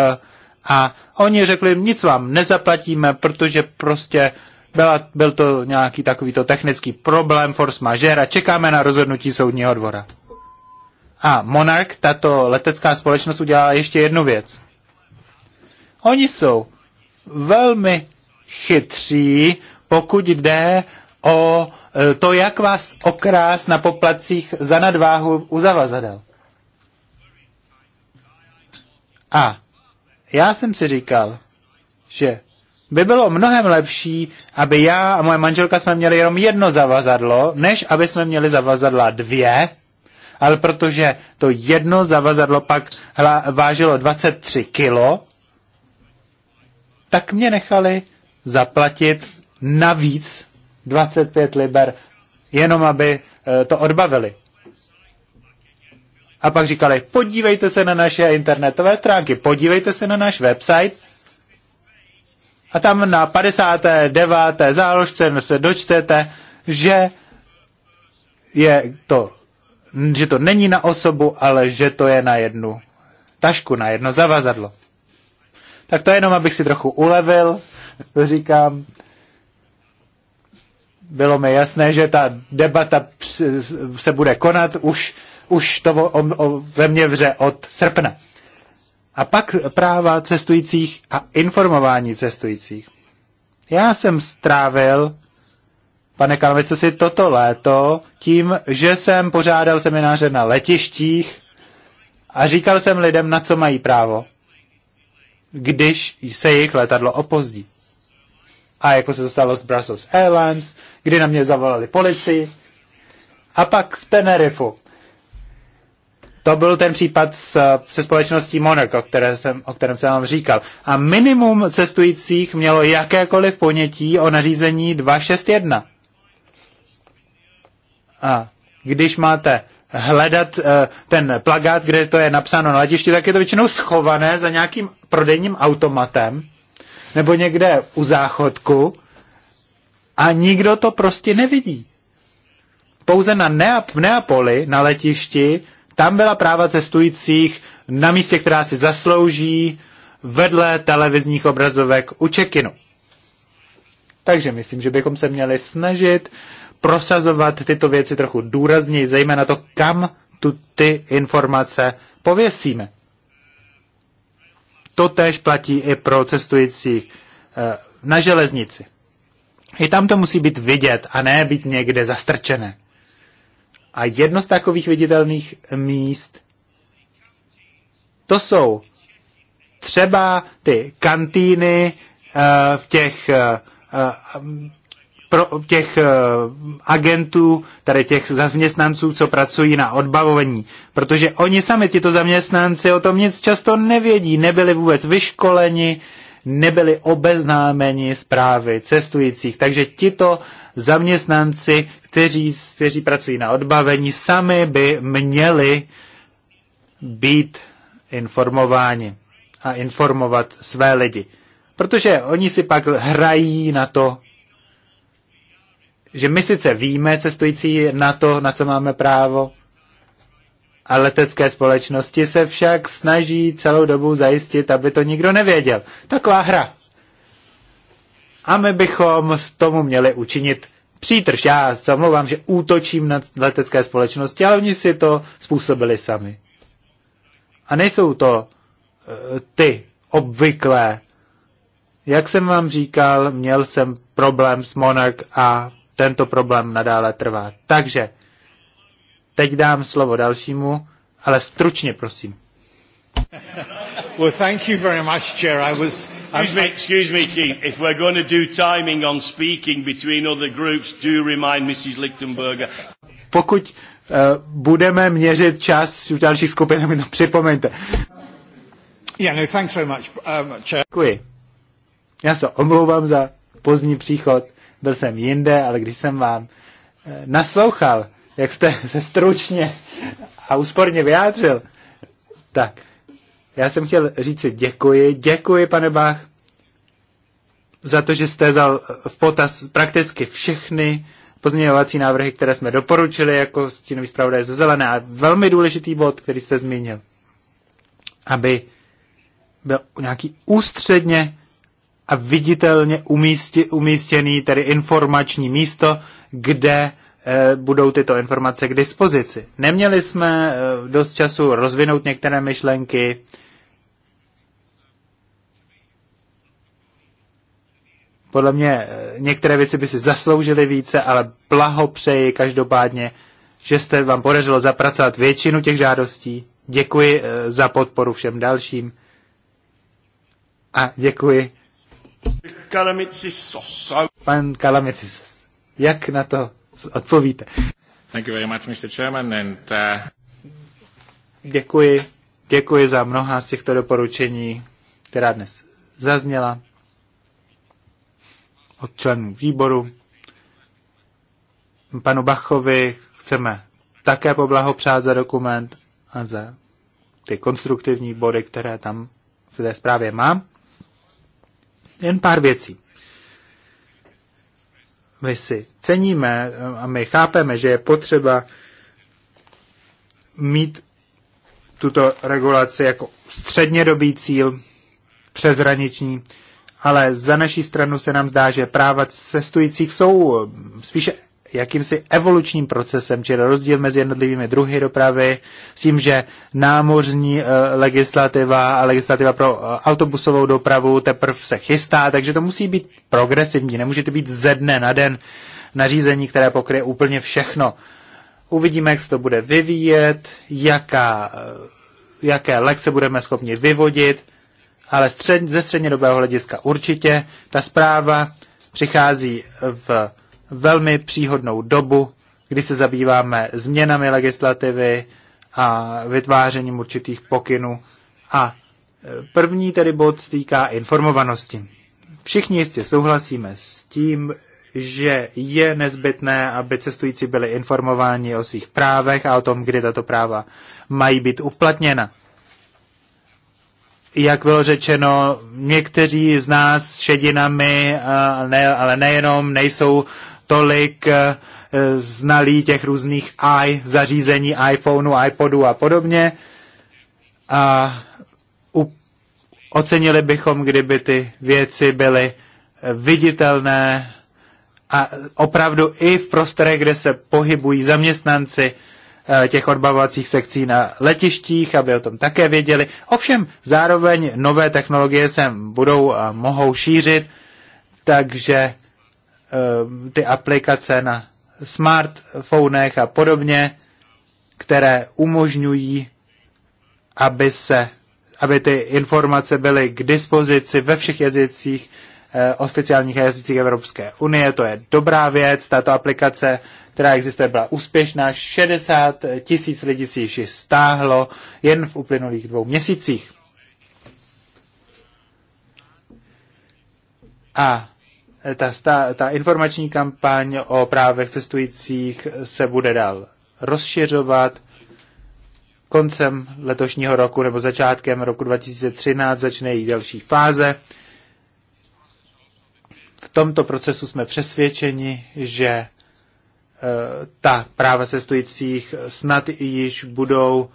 a oni řekli, nic vám nezaplatíme, protože prostě byla, byl to nějaký takovýto technický problém, force majeure a čekáme na rozhodnutí soudního dvora. A Monarch, tato letecká společnost, udělala ještě jednu věc. Oni jsou velmi chytří, pokud jde o e, to, jak vás okrás na poplacích za nadváhu u zavazadel. A já jsem si říkal, že by bylo mnohem lepší, aby já a moje manželka jsme měli jenom jedno zavazadlo, než aby jsme měli zavazadla dvě, ale protože to jedno zavazadlo pak hla, vážilo 23 kilo, tak mě nechali zaplatit navíc 25 liber, jenom aby eh, to odbavili a pak říkali, podívejte se na naše internetové stránky, podívejte se na náš website a tam na 59. záložce no se dočtete, že je to, že to není na osobu, ale že to je na jednu tašku, na jedno zavazadlo. Tak to jenom, abych si trochu ulevil, to říkám. Bylo mi jasné, že ta debata se bude konat už už to o, o, ve mně vře od srpna. A pak práva cestujících a informování cestujících. Já jsem strávil, pane co si toto léto tím, že jsem pořádal semináře na letištích a říkal jsem lidem, na co mají právo, když se jejich letadlo opozdí. A jako se to stalo s Brussels Airlines, kdy na mě zavolali policii. A pak v Tenerifu to byl ten případ s, se společností Monarch, o, které jsem, o kterém jsem vám říkal. A minimum cestujících mělo jakékoliv ponětí o nařízení 261. A když máte hledat eh, ten plagát, kde to je napsáno na letišti, tak je to většinou schované za nějakým prodejním automatem nebo někde u záchodku a nikdo to prostě nevidí. Pouze na Neap- v Neapoli, na letišti, tam byla práva cestujících na místě, která si zaslouží, vedle televizních obrazovek u Čekinu. Takže myslím, že bychom se měli snažit prosazovat tyto věci trochu důrazněji, zejména to, kam tu ty informace pověsíme. To též platí i pro cestující eh, na železnici. I tam to musí být vidět a ne být někde zastrčené. A jedno z takových viditelných míst, to jsou třeba ty kantýny eh, v těch eh, eh, pro těch agentů, tady těch zaměstnanců, co pracují na odbavovaní. protože oni sami, tito zaměstnanci, o tom nic často nevědí, nebyli vůbec vyškoleni, nebyli obeznámeni zprávy cestujících. Takže tito zaměstnanci, kteří, kteří pracují na odbavení, sami by měli být informováni a informovat své lidi. Protože oni si pak hrají na to, že my sice víme cestující na to, na co máme právo, a letecké společnosti se však snaží celou dobu zajistit, aby to nikdo nevěděl. Taková hra. A my bychom s tomu měli učinit přítrž. Já se že útočím na letecké společnosti, ale oni si to způsobili sami. A nejsou to uh, ty obvyklé. Jak jsem vám říkal, měl jsem problém s Monarch a tento problém nadále trvá. Takže Teď dám slovo dalšímu, ale stručně, prosím. Well, thank you very much, Chair. I was. Excuse me, excuse me, Keith. If we're going to do timing on speaking between other groups, do remind Mrs. Lichtenberger. Pokud uh, budeme měřit čas v dalších skupinách, mi to připomeňte. Yeah, no, thanks very much, um, Chair. Děkuji. Já se omlouvám za pozdní příchod. Byl jsem jinde, ale když jsem vám uh, naslouchal, jak jste se stručně a úsporně vyjádřil. Tak, já jsem chtěl říct děkuji, děkuji pane Bach, za to, že jste vzal v potaz prakticky všechny pozměňovací návrhy, které jsme doporučili jako stínový zpravodaj ze zelené a velmi důležitý bod, který jste zmínil, aby byl nějaký ústředně a viditelně umístěný, tedy informační místo, kde Eh, budou tyto informace k dispozici. Neměli jsme eh, dost času rozvinout některé myšlenky. Podle mě eh, některé věci by si zasloužily více, ale blahopřeji každopádně, že jste vám podařilo zapracovat většinu těch žádostí. Děkuji za podporu všem dalším. A děkuji. Pan Kalamicis. Jak na to odpovíte. Thank you very much, Mr. Chairman, and, uh... Děkuji. Děkuji za mnoha z těchto doporučení, která dnes zazněla od členů výboru. Panu Bachovi chceme také poblahopřát za dokument a za ty konstruktivní body, které tam v té zprávě mám. Jen pár věcí. My si ceníme eh, a my chápeme, že je potřeba mít tuto regulaci jako střednědobý cíl přeshraniční, ale za naší stranu se nám zdá, že práva cestujících jsou eh, spíše jakýmsi evolučním procesem, čili rozdíl mezi jednotlivými druhy dopravy, s tím, že námořní eh, legislativa a legislativa pro eh, autobusovou dopravu teprve se chystá, takže to musí být progresivní, nemůžete být ze dne na den nařízení, které pokryje úplně všechno. Uvidíme, jak se to bude vyvíjet, jaká, eh, jaké lekce budeme schopni vyvodit, ale střed, ze střednědobého hlediska určitě ta zpráva přichází v velmi příhodnou dobu, kdy se zabýváme změnami legislativy a vytvářením určitých pokynů. A e, první tedy bod týká informovanosti. Všichni jistě souhlasíme s tím, že je nezbytné, aby cestující byli informováni o svých právech a o tom, kdy tato práva mají být uplatněna. Jak bylo řečeno, někteří z nás šedinami, ale, ne, ale nejenom, nejsou tolik eh, znalí těch různých i zařízení, iPhoneu, iPodu a podobně. A u, ocenili bychom, kdyby ty věci byly eh, viditelné a opravdu i v prostorech, kde se pohybují zaměstnanci eh, těch odbavovacích sekcí na letištích, aby o tom také věděli. Ovšem zároveň nové technologie se budou a mohou šířit, takže Eh, ty aplikace na smartfonech a podobně, které umožňují, aby, se, aby ty informace byly k dispozici ve všech jazycích, eh, oficiálních jazycích Evropské unie. To je dobrá věc. Tato aplikace, která existuje, byla úspěšná. 60 tisíc lidí si ji stáhlo jen v uplynulých dvou měsících. A ta, ta, ta informační kampaň o právech cestujících se bude dál rozšiřovat. Koncem letošního roku nebo začátkem roku 2013 začne její další fáze. V tomto procesu jsme přesvědčeni, že e, ta práva cestujících snad již budou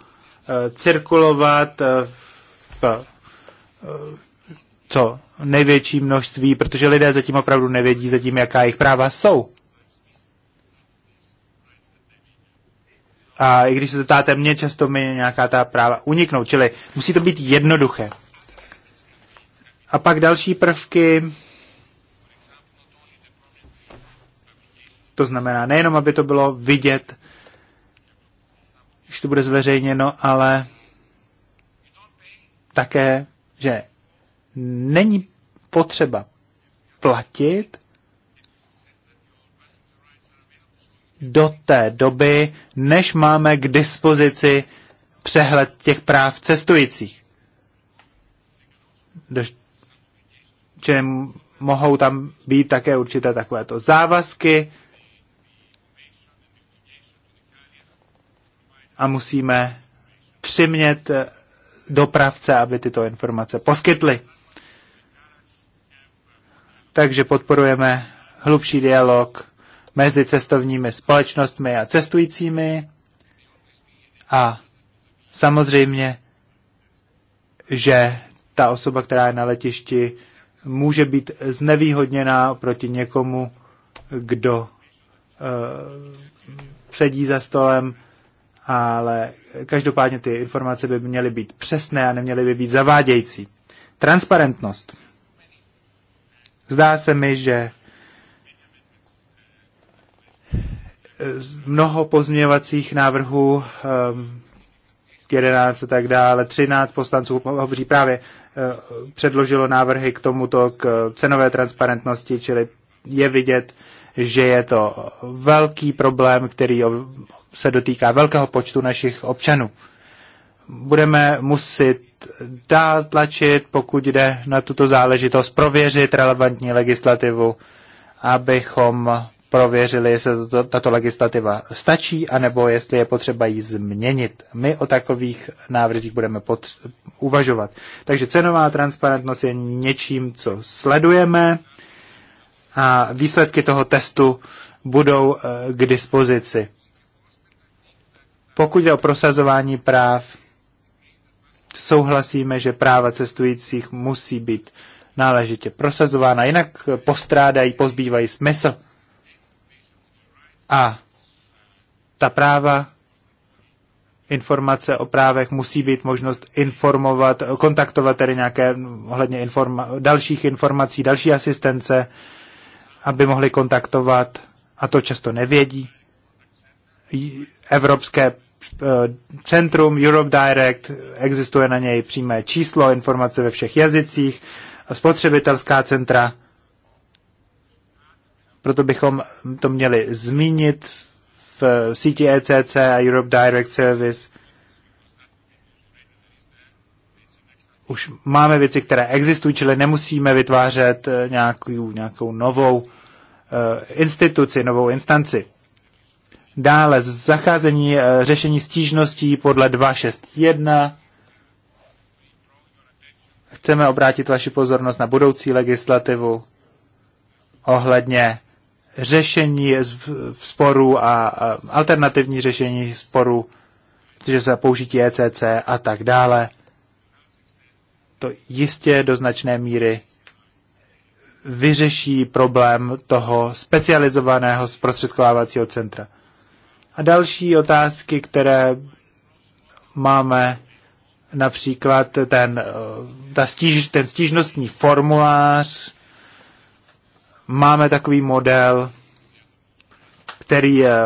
e, cirkulovat e, v co největší množství, protože lidé zatím opravdu nevědí zatím, jaká jejich práva jsou. A i když se zeptáte mě, často mi nějaká ta práva uniknou, čili musí to být jednoduché. A pak další prvky, to znamená nejenom, aby to bylo vidět, když to bude zveřejněno, ale také, že není potřeba platit do té doby, než máme k dispozici přehled těch práv cestujících. Do čili mohou tam být také určité takovéto závazky a musíme přimět dopravce, aby tyto informace poskytly. Takže podporujeme hlubší dialog mezi cestovními společnostmi a cestujícími a samozřejmě, že ta osoba, která je na letišti, může být znevýhodněná proti někomu, kdo uh, sedí za stolem, ale každopádně ty informace by měly být přesné a neměly by být zavádějící. Transparentnost. Zdá se mi, že eh, mnoho pozměňovacích návrhů, 11 ehm, a tak dále, 13 poslanců hovoří právě eh, předložilo návrhy k tomuto, k cenové transparentnosti, čili je vidět, že je to velký problém, který se dotýká velkého počtu našich občanů budeme muset dál tlačit, pokud jde na tuto záležitost, prověřit relevantní legislativu, abychom prověřili, jestli tato, tato legislativa stačí, anebo jestli je potřeba ji změnit. My o takových návrzích budeme uvažovat. Takže cenová transparentnost je něčím, co sledujeme a výsledky toho testu budou eh, k dispozici. Pokud je o prosazování práv, souhlasíme, že práva cestujících musí být náležitě prosazována, jinak postrádají, pozbývají smysl. A ta práva informace o právech, musí být možnost informovat, kontaktovat tedy nějaké ohledně informa- dalších informací, další asistence, aby mohli kontaktovat, a to často nevědí, evropské Eh, centrum Europe Direct, existuje na něj přímé číslo, informace ve všech jazycích, spotřebitelská centra. Proto bychom to měli zmínit v síti ECC a Europe Direct Service. Už máme věci, které existují, čili nemusíme vytvářet eh, nějakou, nějakou novou eh, instituci, novou instanci. Dále zacházení eh, řešení stížností podle 261. Chceme obrátit vaši pozornost na budoucí legislativu ohledně řešení v sporu a alternativní řešení sporu, protože se použití ECC a tak dále. To jistě do značné míry vyřeší problém toho specializovaného zprostředkovávacího centra. A další otázky, které máme, například ten, eh, ta stíž, ten stížnostní formulář, máme takový model, který eh,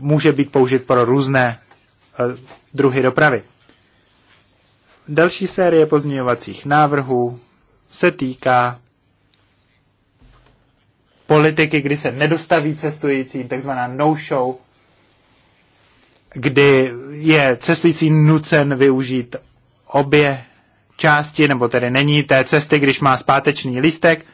může být použit pro různé eh, druhy dopravy. Další série pozměňovacích návrhů se týká politiky, kdy se nedostaví cestujícím, takzvaná no-show kdy je cestující nucen využít obě části, nebo tedy není té cesty, když má zpáteční lístek,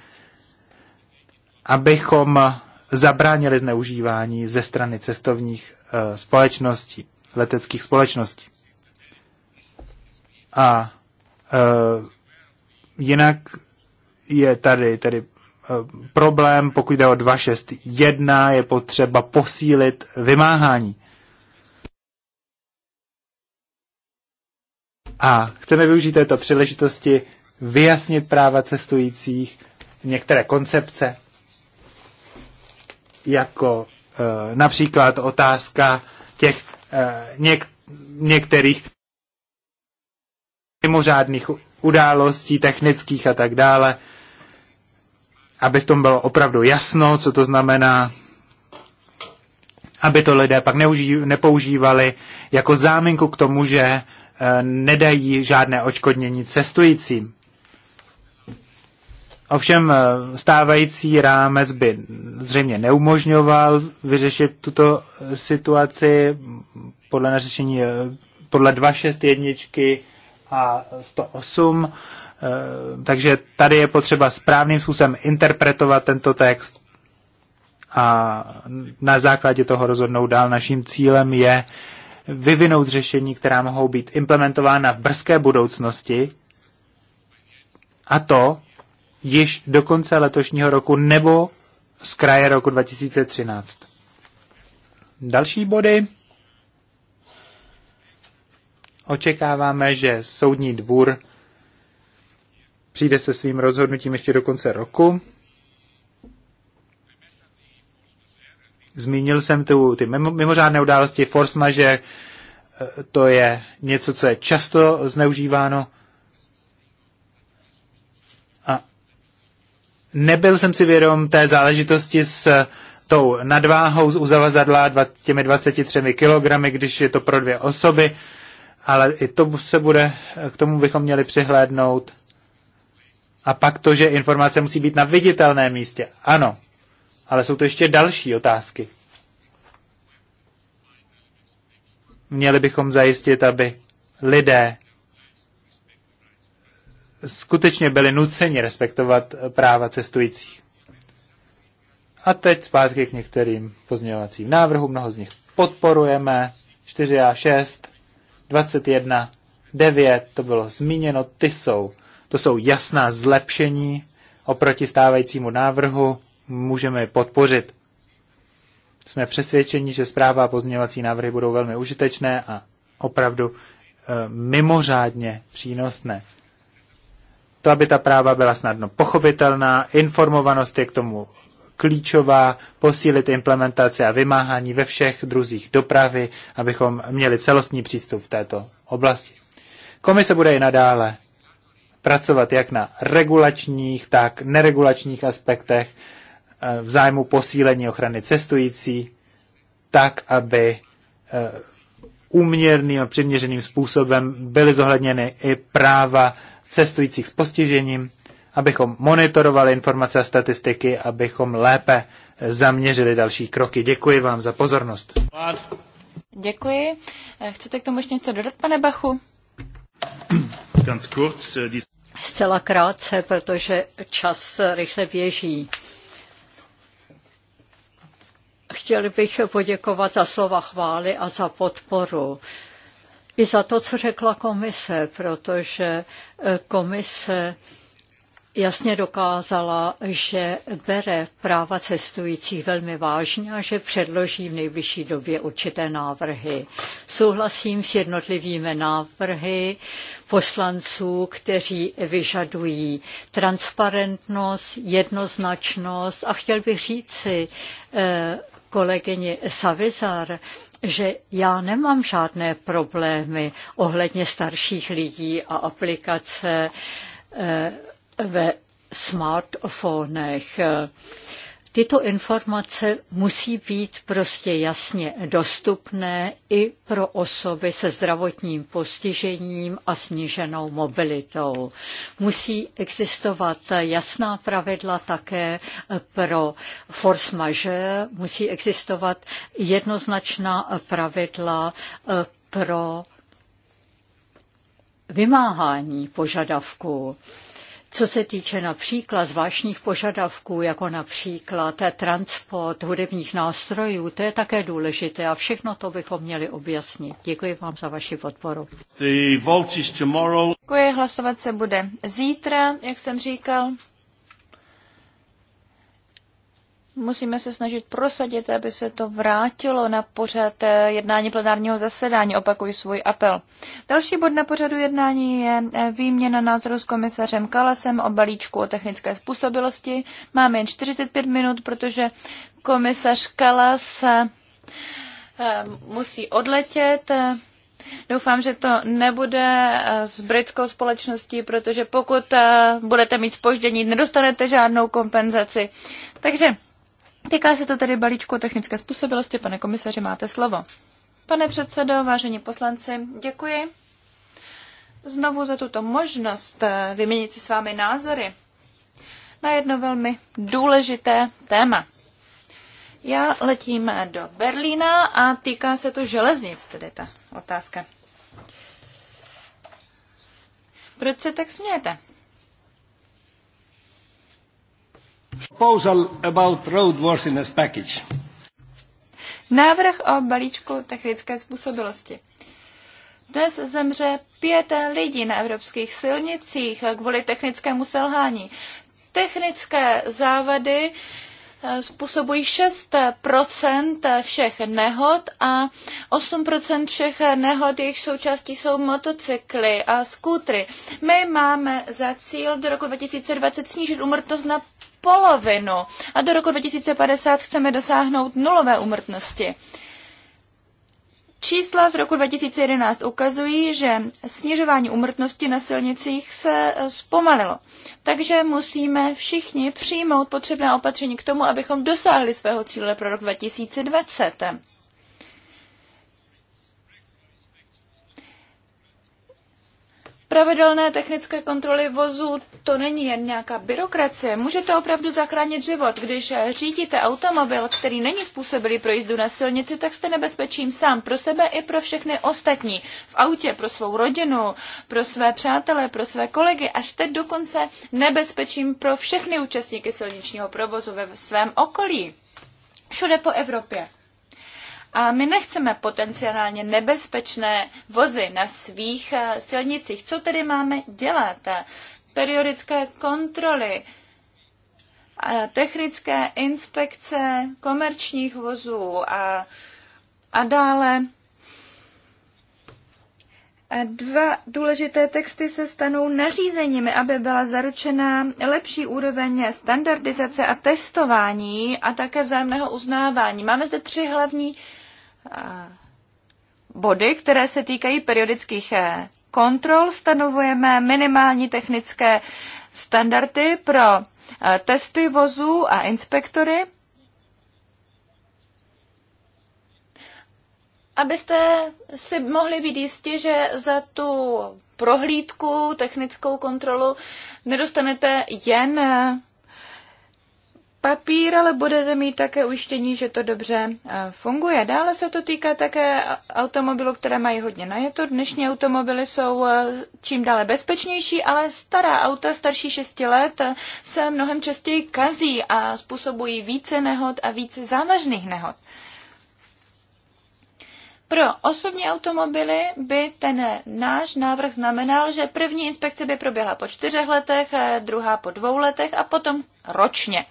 abychom zabránili zneužívání ze strany cestovních eh, společností, leteckých společností. A e, jinak je tady, tady eh, problém, pokud jde o 261, je potřeba posílit vymáhání. A chceme využít této příležitosti vyjasnit práva cestujících, některé koncepce, jako e, například otázka těch e, něk, některých mimořádných událostí, technických a tak dále, aby v tom bylo opravdu jasno, co to znamená, aby to lidé pak neuží, nepoužívali jako záminku k tomu, že E, nedají žádné očkodnění cestujícím. Ovšem e, stávající rámec by zřejmě neumožňoval vyřešit tuto situaci podle nařešení e, podle 261 a 108, takže tady je potřeba správným způsobem interpretovat tento text a na základě toho rozhodnout dál. Naším cílem je vyvinout řešení, která mohou být implementována v brzké budoucnosti, a to již do konce letošního roku nebo z kraje roku 2013. Další body. Očekáváme, že soudní dvůr přijde se svým rozhodnutím ještě do konce roku Zmínil jsem tu, ty mimořádné události, force majeure, eh, to je něco, co je často zneužíváno. A nebyl jsem si vědom té záležitosti s eh, tou nadváhou z uzavazadla těmi 23 kilogramy, když je to pro dvě osoby, ale i to se bude, eh, k tomu bychom měli přihlédnout. A pak to, že informace musí být na viditelném místě. Ano, ale jsou to ještě další otázky. Měli bychom zajistit, aby lidé skutečně byli nuceni respektovat práva cestujících. A teď zpátky k některým pozměňovacím návrhům. Mnoho z nich podporujeme. 4 a 6, 21, 9, to bylo zmíněno, ty jsou. To jsou jasná zlepšení oproti stávajícímu návrhu můžeme podpořit. Jsme přesvědčeni, že zpráva a pozměňovací návrhy budou velmi užitečné a opravdu eh, mimořádně přínosné. To, aby ta práva byla snadno pochopitelná, informovanost je k tomu klíčová, posílit implementaci a vymáhání ve všech druzích dopravy, abychom měli celostní přístup v této oblasti. Komise bude i nadále pracovat jak na regulačních, tak neregulačních aspektech Eh, v zájmu posílení ochrany cestující, tak, aby úměrným eh, a přiměřeným způsobem byly zohledněny i práva cestujících s postižením, abychom monitorovali informace a statistiky, abychom lépe zaměřili další kroky. Děkuji vám za pozornost. Děkuji. Eh, chcete k tomu ještě něco dodat, pane Bachu? Zcela krátce, protože čas rychle běží. Chtěl bych poděkovat za slova chvály a za podporu. I za to, co řekla komise, protože eh, komise jasně dokázala, že bere práva cestujících velmi vážně a že předloží v nejbližší době určité návrhy. Souhlasím s jednotlivými návrhy poslanců, kteří vyžadují transparentnost, jednoznačnost a chtěl bych říci, eh, kolegyni Savizar, že já nemám žádné problémy ohledně starších lidí a aplikace eh, ve smartfonech. Tyto informace musí být prostě jasně dostupné i pro osoby se zdravotním postižením a sníženou mobilitou. Musí existovat jasná pravidla také pro force majeure, musí existovat jednoznačná pravidla eh, pro vymáhání požadavků. Co se týče například zvláštních požadavků, jako například transport hudebních nástrojů, to je také důležité a všechno to bychom měli objasnit. Děkuji vám za vaši podporu. Koje hlasovat se bude zítra, jak jsem říkal. Musíme se snažit prosadit, aby se to vrátilo na pořad eh, jednání plenárního zasedání. Opakuji svůj apel. Další bod na pořadu jednání je eh, výměna názoru s komisařem Kalasem o balíčku o technické způsobilosti. Máme jen 45 minut, protože komisař Kalas eh, musí odletět. Doufám, že to nebude s britskou společností, protože pokud budete mít spoždění, nedostanete žádnou kompenzaci. Takže Týká se to tedy balíčku technické způsobilosti. Pane komisaři, máte slovo. Pane předsedo, vážení poslanci, děkuji znovu za tuto možnost eh, vyměnit si s vámi názory na jedno velmi důležité téma. Já letím eh, do Berlína a týká se to železnic, tedy ta otázka. Proč se tak smějete? Proposal about roadworthiness package. Návrh o balíčku technické způsobilosti. Dnes zemře pět lidí na evropských silnicích kvůli technickému selhání. Technické závady eh, způsobují 6 všech nehod a 8 všech nehod, jejich součástí jsou motocykly a skútry. My máme za cíl do roku 2020 snížit umrtnost na polovinu a do roku 2050 chceme dosáhnout nulové umrtnosti. Čísla z roku 2011 ukazují, že snižování umrtnosti na silnicích se eh, zpomalilo. Takže musíme všichni přijmout potřebná opatření k tomu, abychom dosáhli svého cíle pro rok 2020. Pravidelné technické kontroly vozů to není jen nějaká byrokracie. to opravdu zachránit život. Když řídíte automobil, který není způsobilý pro jízdu na silnici, tak jste nebezpečím sám pro sebe i pro všechny ostatní. V autě, pro svou rodinu, pro své přátele, pro své kolegy a jste dokonce nebezpečím pro všechny účastníky silničního provozu ve svém okolí. Všude po Evropě. A my nechceme potenciálně nebezpečné vozy na svých eh, silnicích. Co tedy máme dělat? Periodické kontroly, technické inspekce komerčních vozů a, a dále. dva důležité texty se stanou nařízeními, aby byla zaručena lepší úroveň standardizace a testování a také vzájemného uznávání. Máme zde tři hlavní uh, Eh, body, které se týkají periodických eh, kontrol. Stanovujeme minimální technické standardy pro eh, testy vozů a inspektory. Abyste si mohli být jistí, že za tu prohlídku, technickou kontrolu nedostanete jen papír, ale budete mít také ujištění, že to dobře eh, funguje. Dále se to týká také automobilů, které mají hodně najeto. Dnešní automobily jsou eh, čím dále bezpečnější, ale stará auta starší 6 let eh, se mnohem častěji kazí a způsobují více nehod a více závažných nehod. Pro osobní automobily by ten náš návrh znamenal, že první inspekce by proběhla po čtyřech letech, druhá po dvou letech a potom ročně.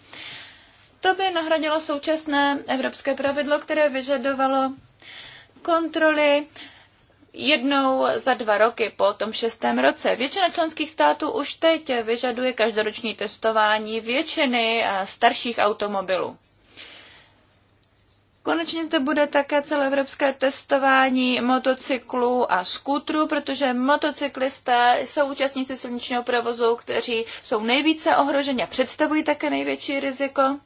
To by nahradilo současné evropské pravidlo, které vyžadovalo kontroly jednou za dva roky po tom šestém roce. Většina členských států už teď vyžaduje každoroční testování většiny eh, starších automobilů. Konečně zde bude také celoevropské testování motocyklů a skútrů, protože motocyklisté jsou účastníci silničního provozu, kteří jsou nejvíce ohroženi a představují také největší riziko.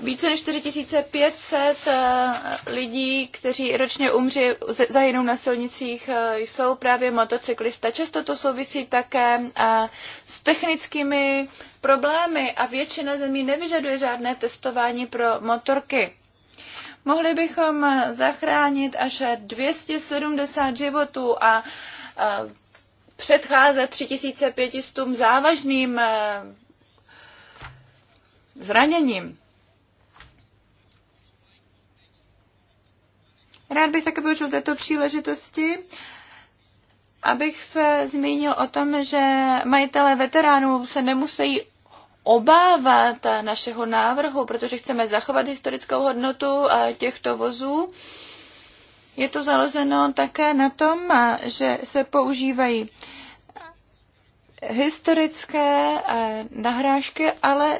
Více než 4500 eh, lidí, kteří ročně umří, zahynou na silnicích, eh, jsou právě motocyklista. Často to souvisí také eh, s technickými problémy a většina zemí nevyžaduje žádné testování pro motorky. Mohli bychom zachránit až 270 životů a předcházet 3500 závažným zraněním. Rád bych také využil této příležitosti, abych se zmínil o tom, že majitelé veteránů se nemusí obávat našeho návrhu, protože chceme zachovat historickou hodnotu těchto vozů. Je to založeno také na tom, že se používají historické eh, nahrážky, ale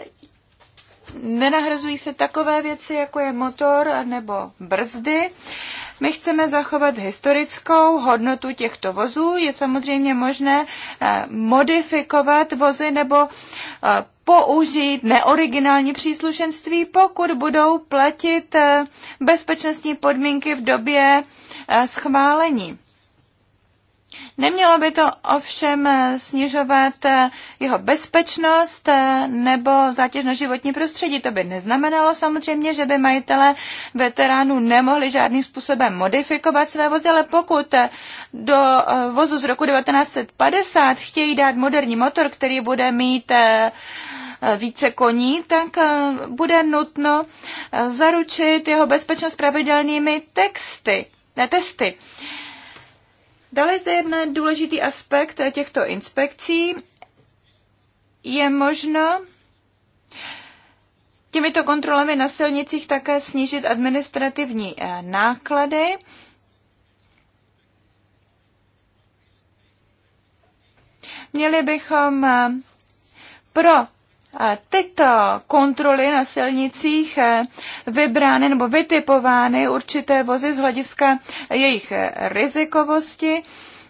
nenahrazují se takové věci, jako je motor nebo brzdy. My chceme zachovat historickou hodnotu těchto vozů. Je samozřejmě možné eh, modifikovat vozy nebo eh, použít neoriginální příslušenství, pokud budou platit eh, bezpečnostní podmínky v době schválení. Nemělo by to ovšem eh, snižovat eh, jeho bezpečnost eh, nebo zátěž na životní prostředí. To by neznamenalo samozřejmě, že by majitele veteránů nemohli žádným způsobem modifikovat své vozy, ale pokud do vozu z roku 1950 chtějí dát moderní motor, který bude mít více koní, tak bude nutno zaručit jeho bezpečnost pravidelnými texty, ne, testy. testy. Dále je zde jeden důležitý aspekt eh, těchto inspekcí. Je možno těmito kontrolami na silnicích také snížit administrativní eh, náklady. Měli bychom eh, pro tyto kontroly na silnicích eh, vybrány nebo vytipovány určité vozy z hlediska jejich rizikovosti,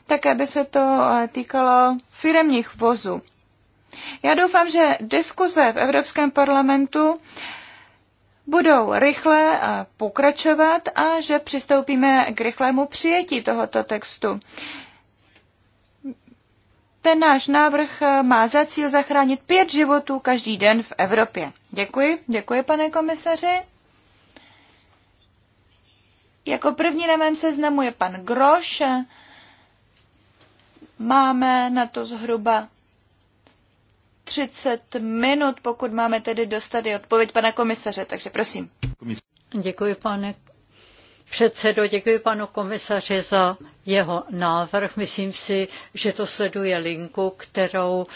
tak by se to eh, týkalo firemních vozů. Já doufám, že diskuze v Evropském parlamentu budou rychle eh, pokračovat a že přistoupíme k rychlému přijetí tohoto textu. Ten náš návrh eh, má za cíl zachránit pět životů každý den v Evropě. Děkuji, děkuji pane komisaři. Jako první na mém seznamu je pan Groš. Máme na to zhruba 30 minut, pokud máme tedy dostat i odpověď pana komisaře, takže prosím. Děkuji, pane předsedo, děkuji panu komisaři za jeho návrh. Myslím si, že to sleduje linku, kterou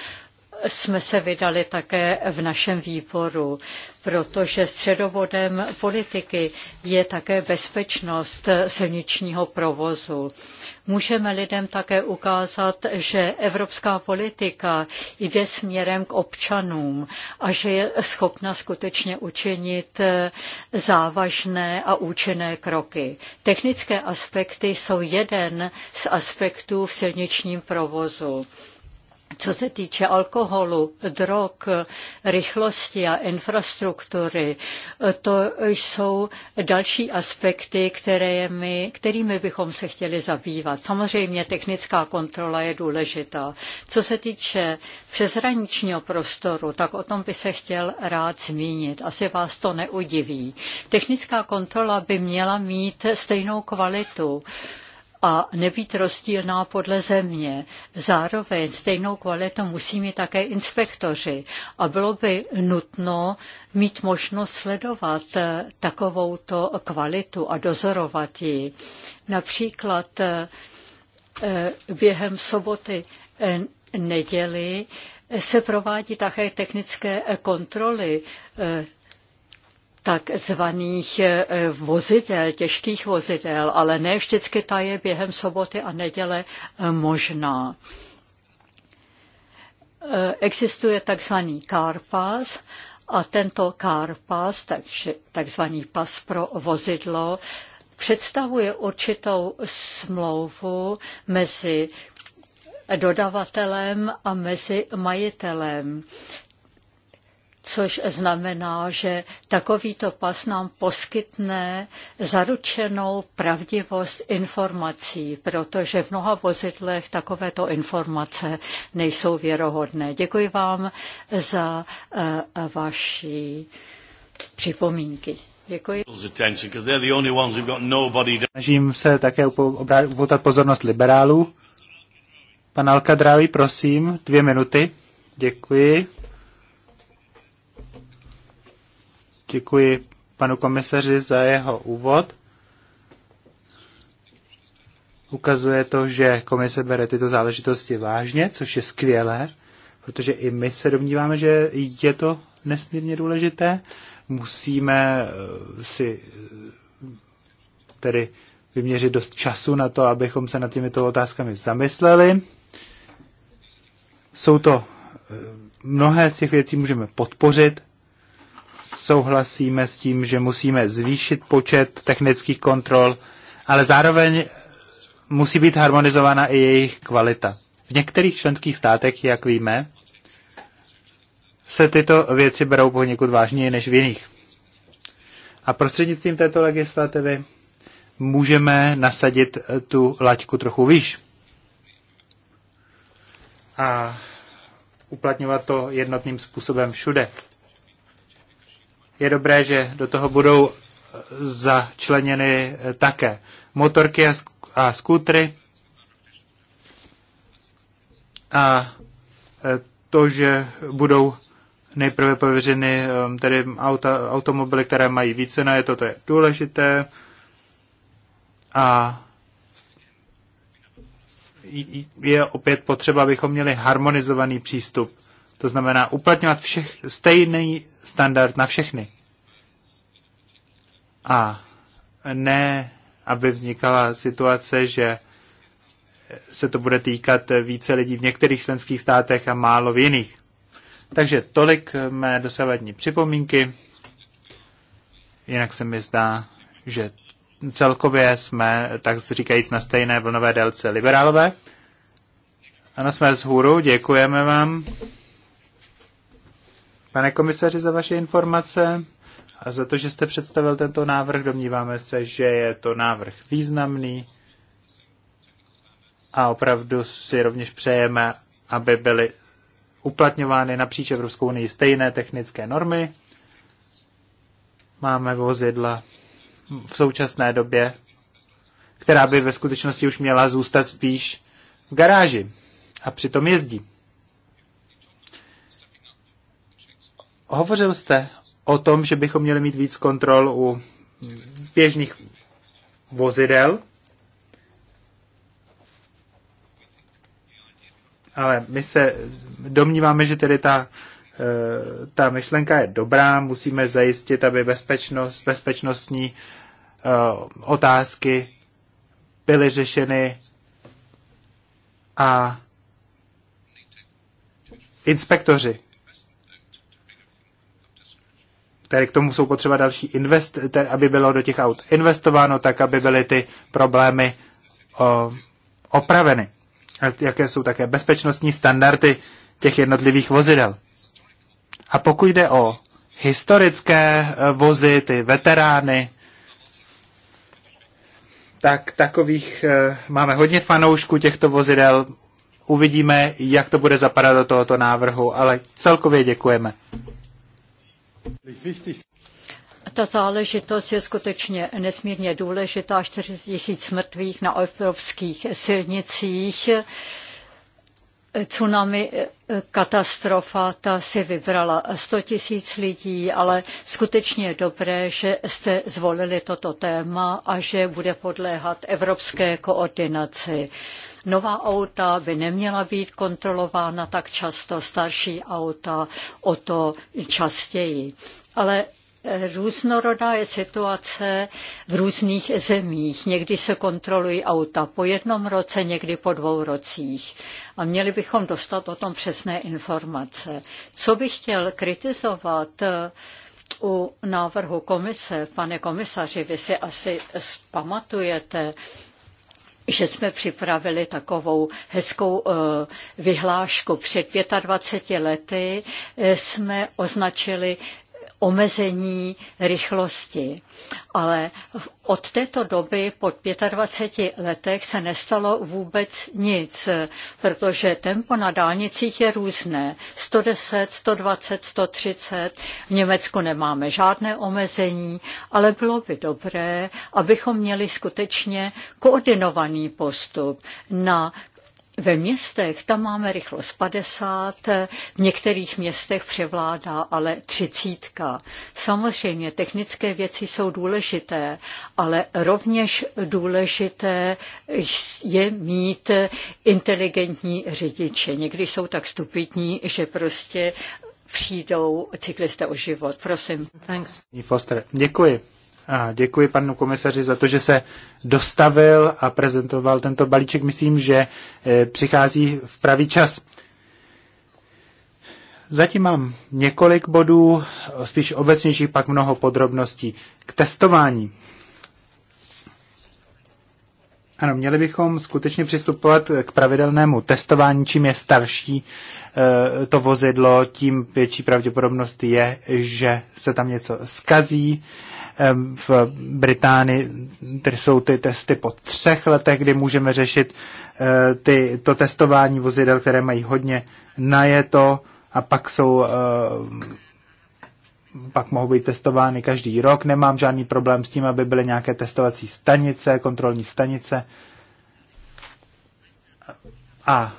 jsme se vydali také v našem výboru, protože středobodem politiky je také bezpečnost silničního provozu. Můžeme lidem také ukázat, že evropská politika jde směrem k občanům a že je schopna skutečně učinit závažné a účinné kroky. Technické aspekty jsou jeden z aspektů v silničním provozu. Co se týče alkoholu, drog, rychlosti a infrastruktury, to jsou další aspekty, které my, kterými bychom se chtěli zabývat. Samozřejmě technická kontrola je důležitá. Co se týče přeshraničního prostoru, tak o tom by se chtěl rád zmínit. Asi vás to neudiví. Technická kontrola by měla mít stejnou kvalitu a nebýt rozdílná podle země. Zároveň stejnou kvalitu musí mít také inspektoři a bylo by nutno mít možnost sledovat eh, takovouto kvalitu a dozorovat ji. Například eh, eh, během soboty neděli se provádí také technické kontroly takzvaných eh, vozidel, těžkých vozidel, ale ne vždycky ta je během soboty a neděle eh, možná. Eh, existuje takzvaný karpas a tento karpas, takzvaný pas pro vozidlo, představuje určitou smlouvu mezi dodavatelem a mezi majitelem což znamená, že takovýto pas nám poskytne zaručenou pravdivost informací, protože v mnoha vozidlech takovéto informace nejsou věrohodné. Děkuji vám za eh, vaši připomínky. Děkuji. Snažím se také upoutat pozornost liberálů. Pan Alkadravi, prosím, dvě minuty. Děkuji. Děkuji panu komisaři za jeho úvod. Ukazuje to, že komise bere tyto záležitosti vážně, což je skvělé, protože i my se domníváme, že je to nesmírně důležité. Musíme eh, si eh, tedy vyměřit dost času na to, abychom se nad těmito otázkami zamysleli. Jsou to eh, mnohé z těch věcí můžeme podpořit, souhlasíme s tím, že musíme zvýšit počet technických kontrol, ale zároveň musí být harmonizována i jejich kvalita. V některých členských státech, jak víme, se tyto věci berou poněkud vážněji než v jiných. A prostřednictvím této legislativy můžeme nasadit tu laťku trochu výš. A uplatňovat to jednotným způsobem všude je dobré, že do toho budou eh, začleněny eh, také motorky a, sk- a skútry a eh, to, že budou nejprve pověřeny tedy auta, automobily, které mají více na je to, to je důležité a je opět potřeba, abychom měli harmonizovaný přístup. To znamená uplatňovat všech stejný, standard na všechny. A ne, aby vznikala situace, že se to bude týkat více lidí v některých členských státech a málo v jiných. Takže tolik mé dosavadní připomínky. Jinak se mi zdá, že celkově jsme, tak říkajíc, na stejné vlnové délce liberálové. Ano, jsme z hůru, děkujeme vám. Pane komisaři, za vaše informace a za to, že jste představil tento návrh. Domníváme se, že je to návrh významný a opravdu si rovněž přejeme, aby byly uplatňovány napříč Evropskou unii stejné technické normy. Máme vozidla v současné době, která by ve skutečnosti už měla zůstat spíš v garáži a přitom jezdí. Hovořil jste o tom, že bychom měli mít víc kontrol u běžných vozidel, ale my se domníváme, že tedy ta, eh, ta myšlenka je dobrá, musíme zajistit, aby bezpečnost, bezpečnostní eh, otázky byly řešeny a inspektoři které k tomu jsou potřeba další invest, te, aby bylo do těch aut investováno, tak aby byly ty problémy o, opraveny. A jaké jsou také bezpečnostní standardy těch jednotlivých vozidel. A pokud jde o historické e, vozy, ty veterány, tak takových e, máme hodně fanoušků těchto vozidel. Uvidíme, jak to bude zapadat do tohoto návrhu, ale celkově děkujeme. Ta záležitost je skutečně nesmírně důležitá. 4 tisíc mrtvých na evropských silnicích. Tsunami katastrofa, ta si vybrala 100 tisíc lidí, ale skutečně je dobré, že jste zvolili toto téma a že bude podléhat evropské koordinaci. Nová auta by neměla být kontrolována tak často, starší auta o to častěji. Ale eh, Různorodá je situace v různých zemích. Někdy se kontrolují auta po jednom roce, někdy po dvou rocích. A měli bychom dostat o tom přesné informace. Co bych chtěl kritizovat eh, u návrhu komise, pane komisaři, vy si asi spamatujete, že jsme připravili takovou hezkou eh, vyhlášku. Před 25 lety eh, jsme označili omezení rychlosti. Ale od této doby po 25 letech se nestalo vůbec nic, protože tempo na dálnicích je různé. 110, 120, 130. V Německu nemáme žádné omezení, ale bylo by dobré, abychom měli skutečně koordinovaný postup na ve městech tam máme rychlost 50, v některých městech převládá ale 30. Samozřejmě technické věci jsou důležité, ale rovněž důležité je mít inteligentní řidiče. Někdy jsou tak stupidní, že prostě přijdou cyklisté o život. Prosím. Thanks. děkuji. A děkuji panu komisaři za to, že se dostavil a prezentoval tento balíček. Myslím, že e, přichází v pravý čas. Zatím mám několik bodů, spíš obecnějších, pak mnoho podrobností. K testování. Ano, měli bychom skutečně přistupovat k pravidelnému testování. Čím je starší e, to vozidlo, tím větší pravděpodobnost je, že se tam něco skazí v Británii tedy jsou ty testy po třech letech, kdy můžeme řešit eh, ty, to testování vozidel, které mají hodně najeto a pak jsou eh, pak mohou být testovány každý rok. Nemám žádný problém s tím, aby byly nějaké testovací stanice, kontrolní stanice. A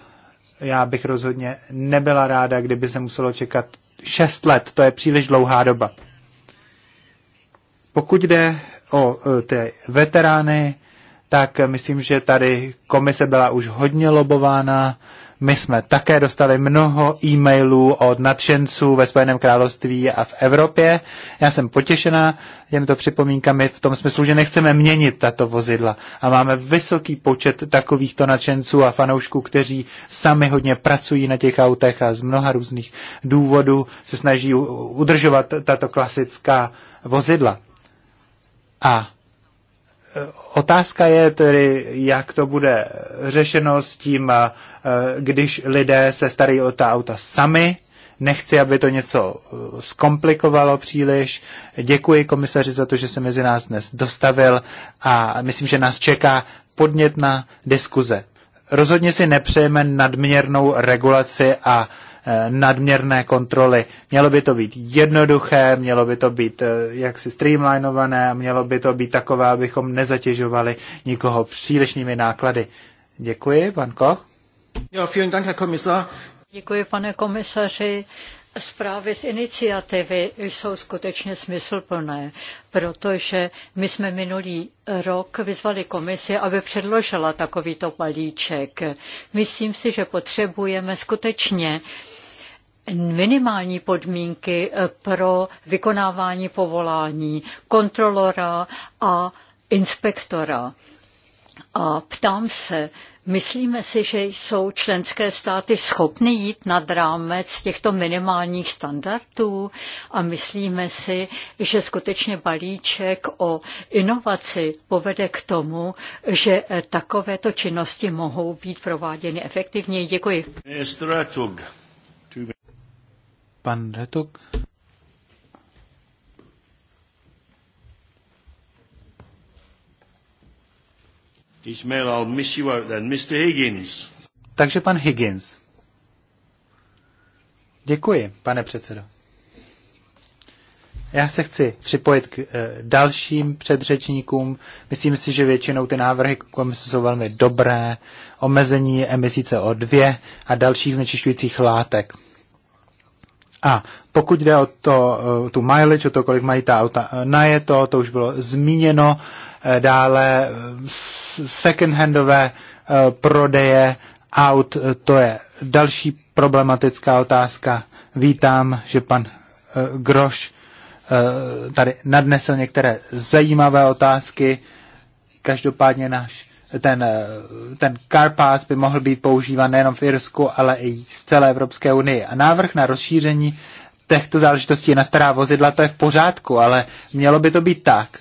já bych rozhodně nebyla ráda, kdyby se muselo čekat 6 let. To je příliš dlouhá doba. Pokud jde o e, ty veterány, tak myslím, že tady komise byla už hodně lobována. My jsme také dostali mnoho e-mailů od nadšenců ve Spojeném království a v Evropě. Já jsem potěšená těmito připomínkami v tom smyslu, že nechceme měnit tato vozidla. A máme vysoký počet takovýchto nadšenců a fanoušků, kteří sami hodně pracují na těch autech a z mnoha různých důvodů se snaží udržovat tato klasická vozidla. A e, Otázka je tedy, jak to bude řešeno s tím, e, když lidé se starají o ta auta sami. Nechci, aby to něco e, zkomplikovalo příliš. Děkuji komisaři za to, že se mezi nás dnes dostavil a myslím, že nás čeká podnětná diskuze. Rozhodně si nepřejeme nadměrnou regulaci a Eh, nadměrné kontroly. Mělo by to být jednoduché, mělo by to být eh, jaksi streamlinované, mělo by to být takové, abychom nezatěžovali nikoho přílišnými náklady. Děkuji, pan Koch. Jo, vielen Dank, Herr Kommissar. Děkuji, pane komisaři. Zprávy z iniciativy jsou skutečně smysluplné, protože my jsme minulý rok vyzvali komisi, aby předložila takovýto palíček Myslím si, že potřebujeme skutečně uh, minimální podmínky eh, pro vykonávání povolání kontrolora a inspektora. A ptám se, myslíme si, že jsou členské státy schopny jít nad rámec těchto minimálních standardů a myslíme si, že skutečně balíček o inovaci povede k tomu, že eh, takovéto činnosti mohou být prováděny efektivněji. Děkuji. Mr. Pan Retok. Ismail, I'll miss you out then. Mr. Higgins. Takže pan Higgins. Děkuji, pane předsedo. Já se chci připojit k eh, dalším předřečníkům. Myslím si, že většinou ty návrhy komise jsou velmi dobré. Omezení emisí CO2 a dalších znečišťujících látek. A pokud jde o to, eh, tu mileage, o to, kolik mají ta auta eh, najeto, to už bylo zmíněno, eh, dále second-handové prodeje aut, to je další problematická otázka. Vítám, že pan Groš tady nadnesl některé zajímavé otázky. Každopádně náš ten, ten CarPass by mohl být používán nejenom v Irsku, ale i v celé Evropské unii. A návrh na rozšíření těchto záležitostí na stará vozidla, to je v pořádku, ale mělo by to být tak,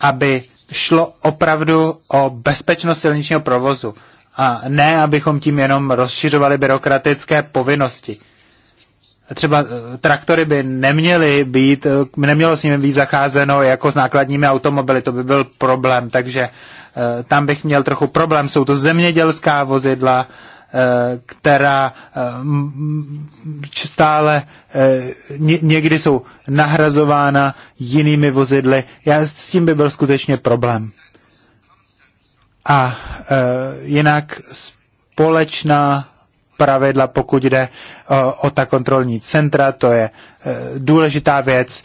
aby šlo opravdu o bezpečnost silničního provozu a ne, abychom tím jenom rozšiřovali byrokratické povinnosti třeba eh, traktory by neměly být, eh, nemělo s nimi být zacházeno jako s nákladními automobily, to by byl problém, takže eh, tam bych měl trochu problém. Jsou to zemědělská vozidla, která stále někdy jsou nahrazována jinými vozidly. Já s tím by byl skutečně problém. A jinak společná pravidla, pokud jde eh, o ta kontrolní centra. To je eh, důležitá věc,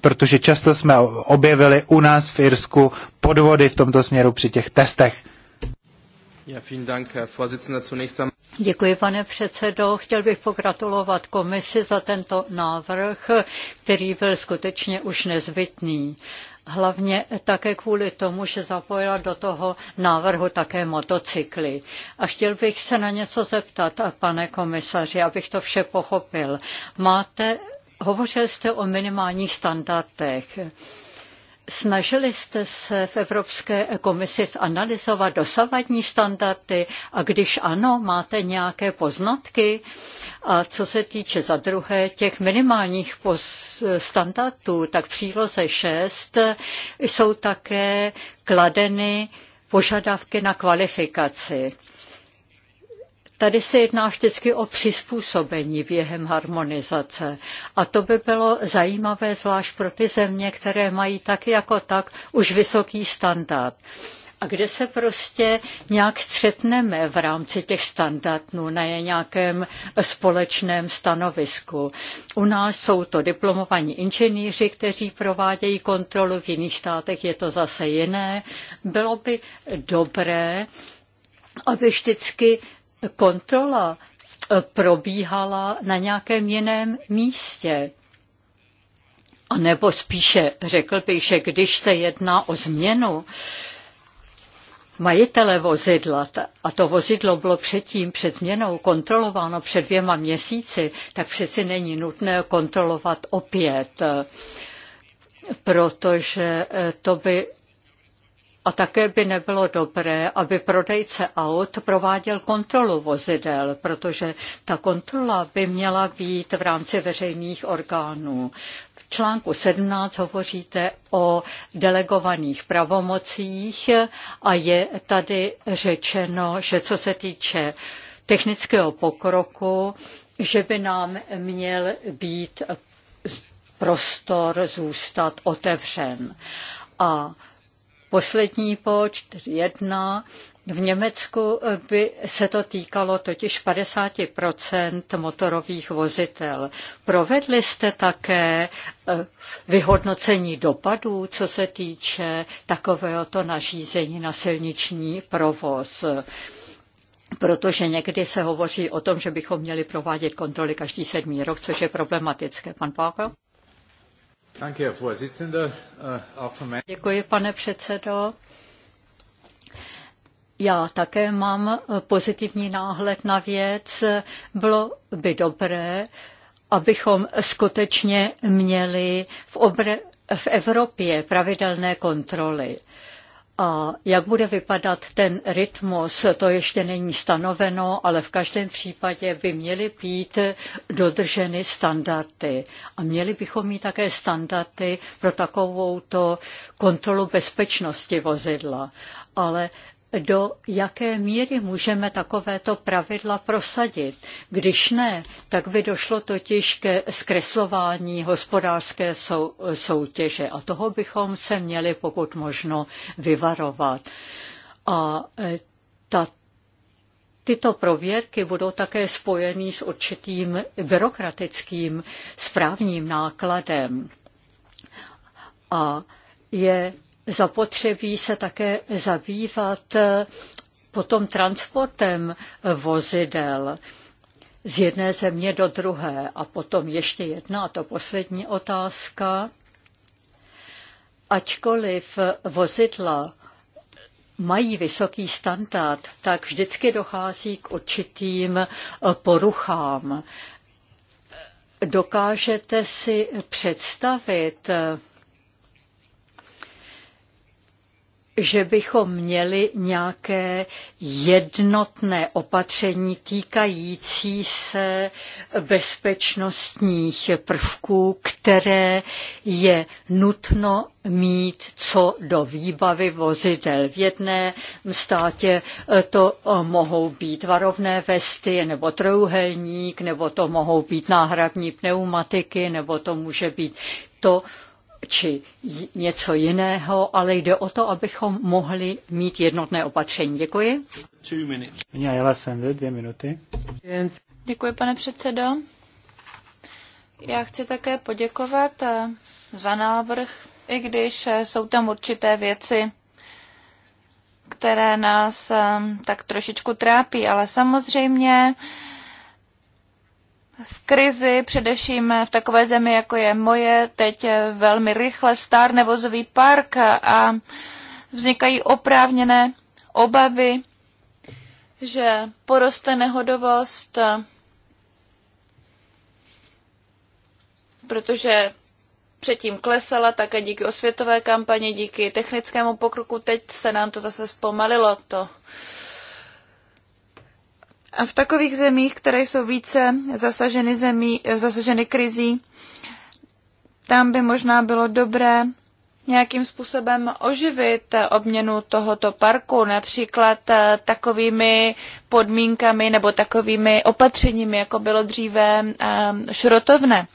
protože často jsme objevili u nás v Irsku podvody v tomto směru při těch testech. Děkuji, pane předsedo. Chtěl bych pogratulovat komisi za tento návrh, který byl skutečně už nezbytný hlavně také kvůli tomu, že zapojila do toho návrhu také motocykly. A chtěl bych se na něco zeptat, pane komisaři, abych to vše pochopil. Máte, hovořil jste o minimálních standardech. Snažili jste se v Evropské komisi zanalizovat dosavadní standardy a když ano, máte nějaké poznatky? A co se týče za druhé těch minimálních standardů, tak příloze 6 jsou také kladeny požadavky na kvalifikaci. Tady se jedná vždycky o přizpůsobení během harmonizace. A to by bylo zajímavé zvlášť pro ty země, které mají tak jako tak už vysoký standard a kde se prostě nějak střetneme v rámci těch standardů na nějakém společném stanovisku. U nás jsou to diplomovaní inženýři, kteří provádějí kontrolu, v jiných státech je to zase jiné. Bylo by dobré, aby vždycky kontrola e, probíhala na nějakém jiném místě. A nebo spíše řekl bych, že když se jedná o změnu, majitele vozidla, a to vozidlo bylo předtím před změnou kontrolováno před dvěma měsíci, tak přeci není nutné kontrolovat opět, e, protože e, to by a také by nebylo dobré, aby prodejce aut prováděl kontrolu vozidel, protože ta kontrola by měla být v rámci veřejných orgánů. V článku 17 hovoříte o delegovaných pravomocích a je tady řečeno, že co se týče technického pokroku, že by nám měl být prostor zůstat otevřen. A Poslední počt jedna v Německu by se to týkalo totiž 50 motorových vozitel. Provedli jste také eh, vyhodnocení dopadů, co se týče takovéhoto nařízení na silniční provoz? Protože někdy se hovoří o tom, že bychom měli provádět kontroly každý sedmý rok, což je problematické. Pan Páka? Äh, Děkuji, pane předsedo. Já také mám eh, pozitivní náhled na věc. Bylo by dobré, abychom skutečně měli v, obre, v Evropě pravidelné kontroly. A jak bude vypadat ten rytmus, to ještě není stanoveno, ale v každém případě by měly být dodrženy standardy. A měli bychom mít také standardy pro takovouto kontrolu bezpečnosti vozidla. Ale do jaké míry můžeme takovéto pravidla prosadit. Když ne, tak by došlo totiž ke zkreslování hospodářské sou, soutěže a toho bychom se měli pokud možno vyvarovat. A e, ta Tyto prověrky budou také spojeny s určitým byrokratickým správním nákladem. A je zapotřebí se také zabývat eh, potom transportem vozidel z jedné země do druhé. A potom ještě jedna, a to poslední otázka. Ačkoliv vozidla mají vysoký standard, tak vždycky dochází k určitým eh, poruchám. Dokážete si představit, eh, že bychom měli nějaké jednotné opatření týkající se bezpečnostních prvků, které je nutno mít co do výbavy vozidel. V jedné státě eh, to eh, mohou být varovné vesty nebo trojuhelník, nebo to mohou být náhradní pneumatiky, nebo to může být to, či něco jiného, ale jde o to, abychom mohli mít jednotné opatření. Děkuji. dvě minuty. Děkuji, pane předsedo. Já chci také poděkovat eh, za návrh, i když eh, jsou tam určité věci, které nás eh, tak trošičku trápí, ale samozřejmě v krizi, především v takové zemi, jako je moje, teď velmi rychle star vozový park a vznikají oprávněné obavy, že poroste nehodovost, protože předtím klesala také díky osvětové kampani, díky technickému pokroku. Teď se nám to zase zpomalilo, to a v takových zemích, které jsou více zasaženy, zemí, zasaženy krizí, tam by možná bylo dobré nějakým způsobem oživit obměnu tohoto parku, například eh, takovými podmínkami nebo takovými opatřeními, jako bylo dříve eh, šrotovné.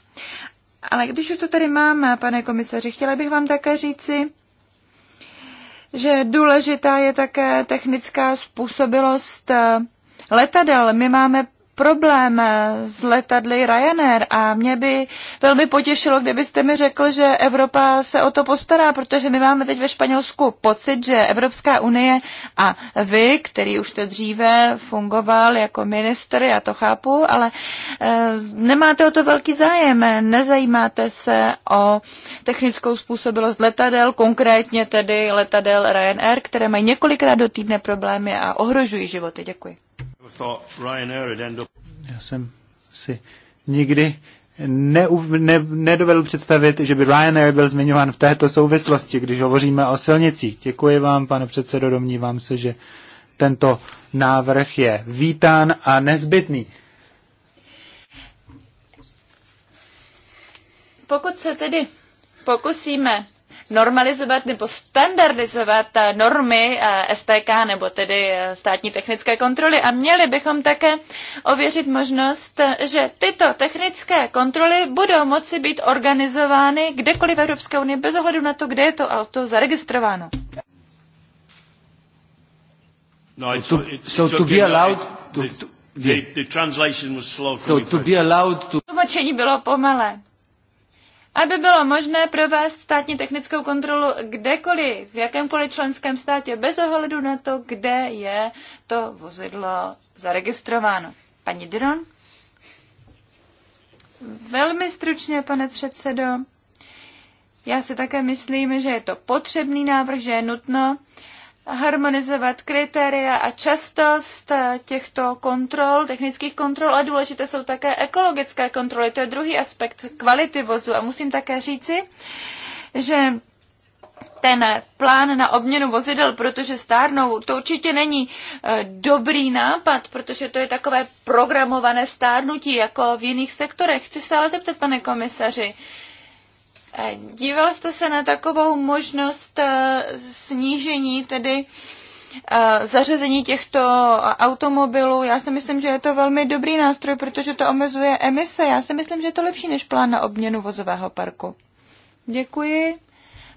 Ale když už to tady mám, pane komisaři, chtěla bych vám také říci, že důležitá je také technická způsobilost eh, letadel. My máme problém s letadly Ryanair a mě by velmi potěšilo, kdybyste mi řekl, že Evropa se o to postará, protože my máme teď ve Španělsku pocit, že Evropská unie a vy, který už jste dříve fungoval jako minister, já to chápu, ale e, nemáte o to velký zájem, nezajímáte se o technickou způsobilost letadel, konkrétně tedy letadel Ryanair, které mají několikrát do týdne problémy a ohrožují životy. Děkuji. Já jsem si nikdy ne, ne, nedovedl představit, že by Ryanair byl zmiňován v této souvislosti, když hovoříme o silnicích. Děkuji vám, pane předsedo, domnívám se, že tento návrh je vítán a nezbytný. Pokud se tedy pokusíme normalizovat nebo standardizovat eh, normy eh, STK nebo tedy eh, státní technické kontroly a měli bychom také ověřit možnost, že tyto technické kontroly budou moci být organizovány kdekoliv v Evropské unii bez ohledu na to, kde je to auto zaregistrováno. No, it's, to, it's, so to be allowed to, to, the, the translation was slow. So to be allowed to... Tlumočení bylo pomalé aby bylo možné provést státní technickou kontrolu kdekoliv, v jakémkoliv členském státě, bez ohledu na to, kde je to vozidlo zaregistrováno. Paní dron, Velmi stručně, pane předsedo. Já si také myslím, že je to potřebný návrh, že je nutno, harmonizovat kritéria a častost eh, těchto kontrol, technických kontrol, a důležité jsou také ekologické kontroly. To je druhý aspekt kvality vozu. A musím také říci, že ten plán na obměnu vozidel, protože stárnou, to určitě není eh, dobrý nápad, protože to je takové programované stárnutí, jako v jiných sektorech. Chci se ale zeptat, pane komisaři, Díval jste se na takovou možnost eh, snížení, tedy eh, zařazení těchto automobilů. Já si myslím, že je to velmi dobrý nástroj, protože to omezuje emise. Já si myslím, že je to lepší než plán na obměnu vozového parku. Děkuji.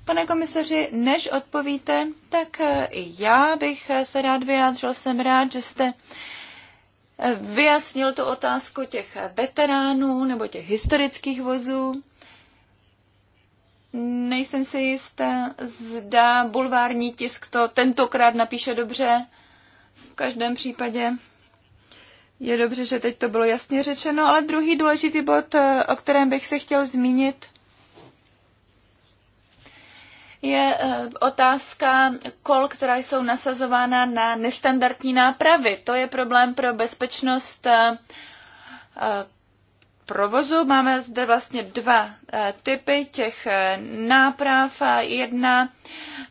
Pane komisaři, než odpovíte, tak eh, i já bych se rád vyjádřil. Jsem rád, že jste vyjasnil tu otázku těch veteránů nebo těch historických vozů. Nejsem si jistá, zda bulvární tisk to tentokrát napíše dobře. V každém případě je dobře, že teď to bylo jasně řečeno, ale druhý důležitý bod, eh, o kterém bych se chtěl zmínit, je eh, otázka kol, která jsou nasazována na nestandardní nápravy. To je problém pro bezpečnost eh, provozu. Máme zde vlastně dva eh, typy těch eh, náprav. Jedna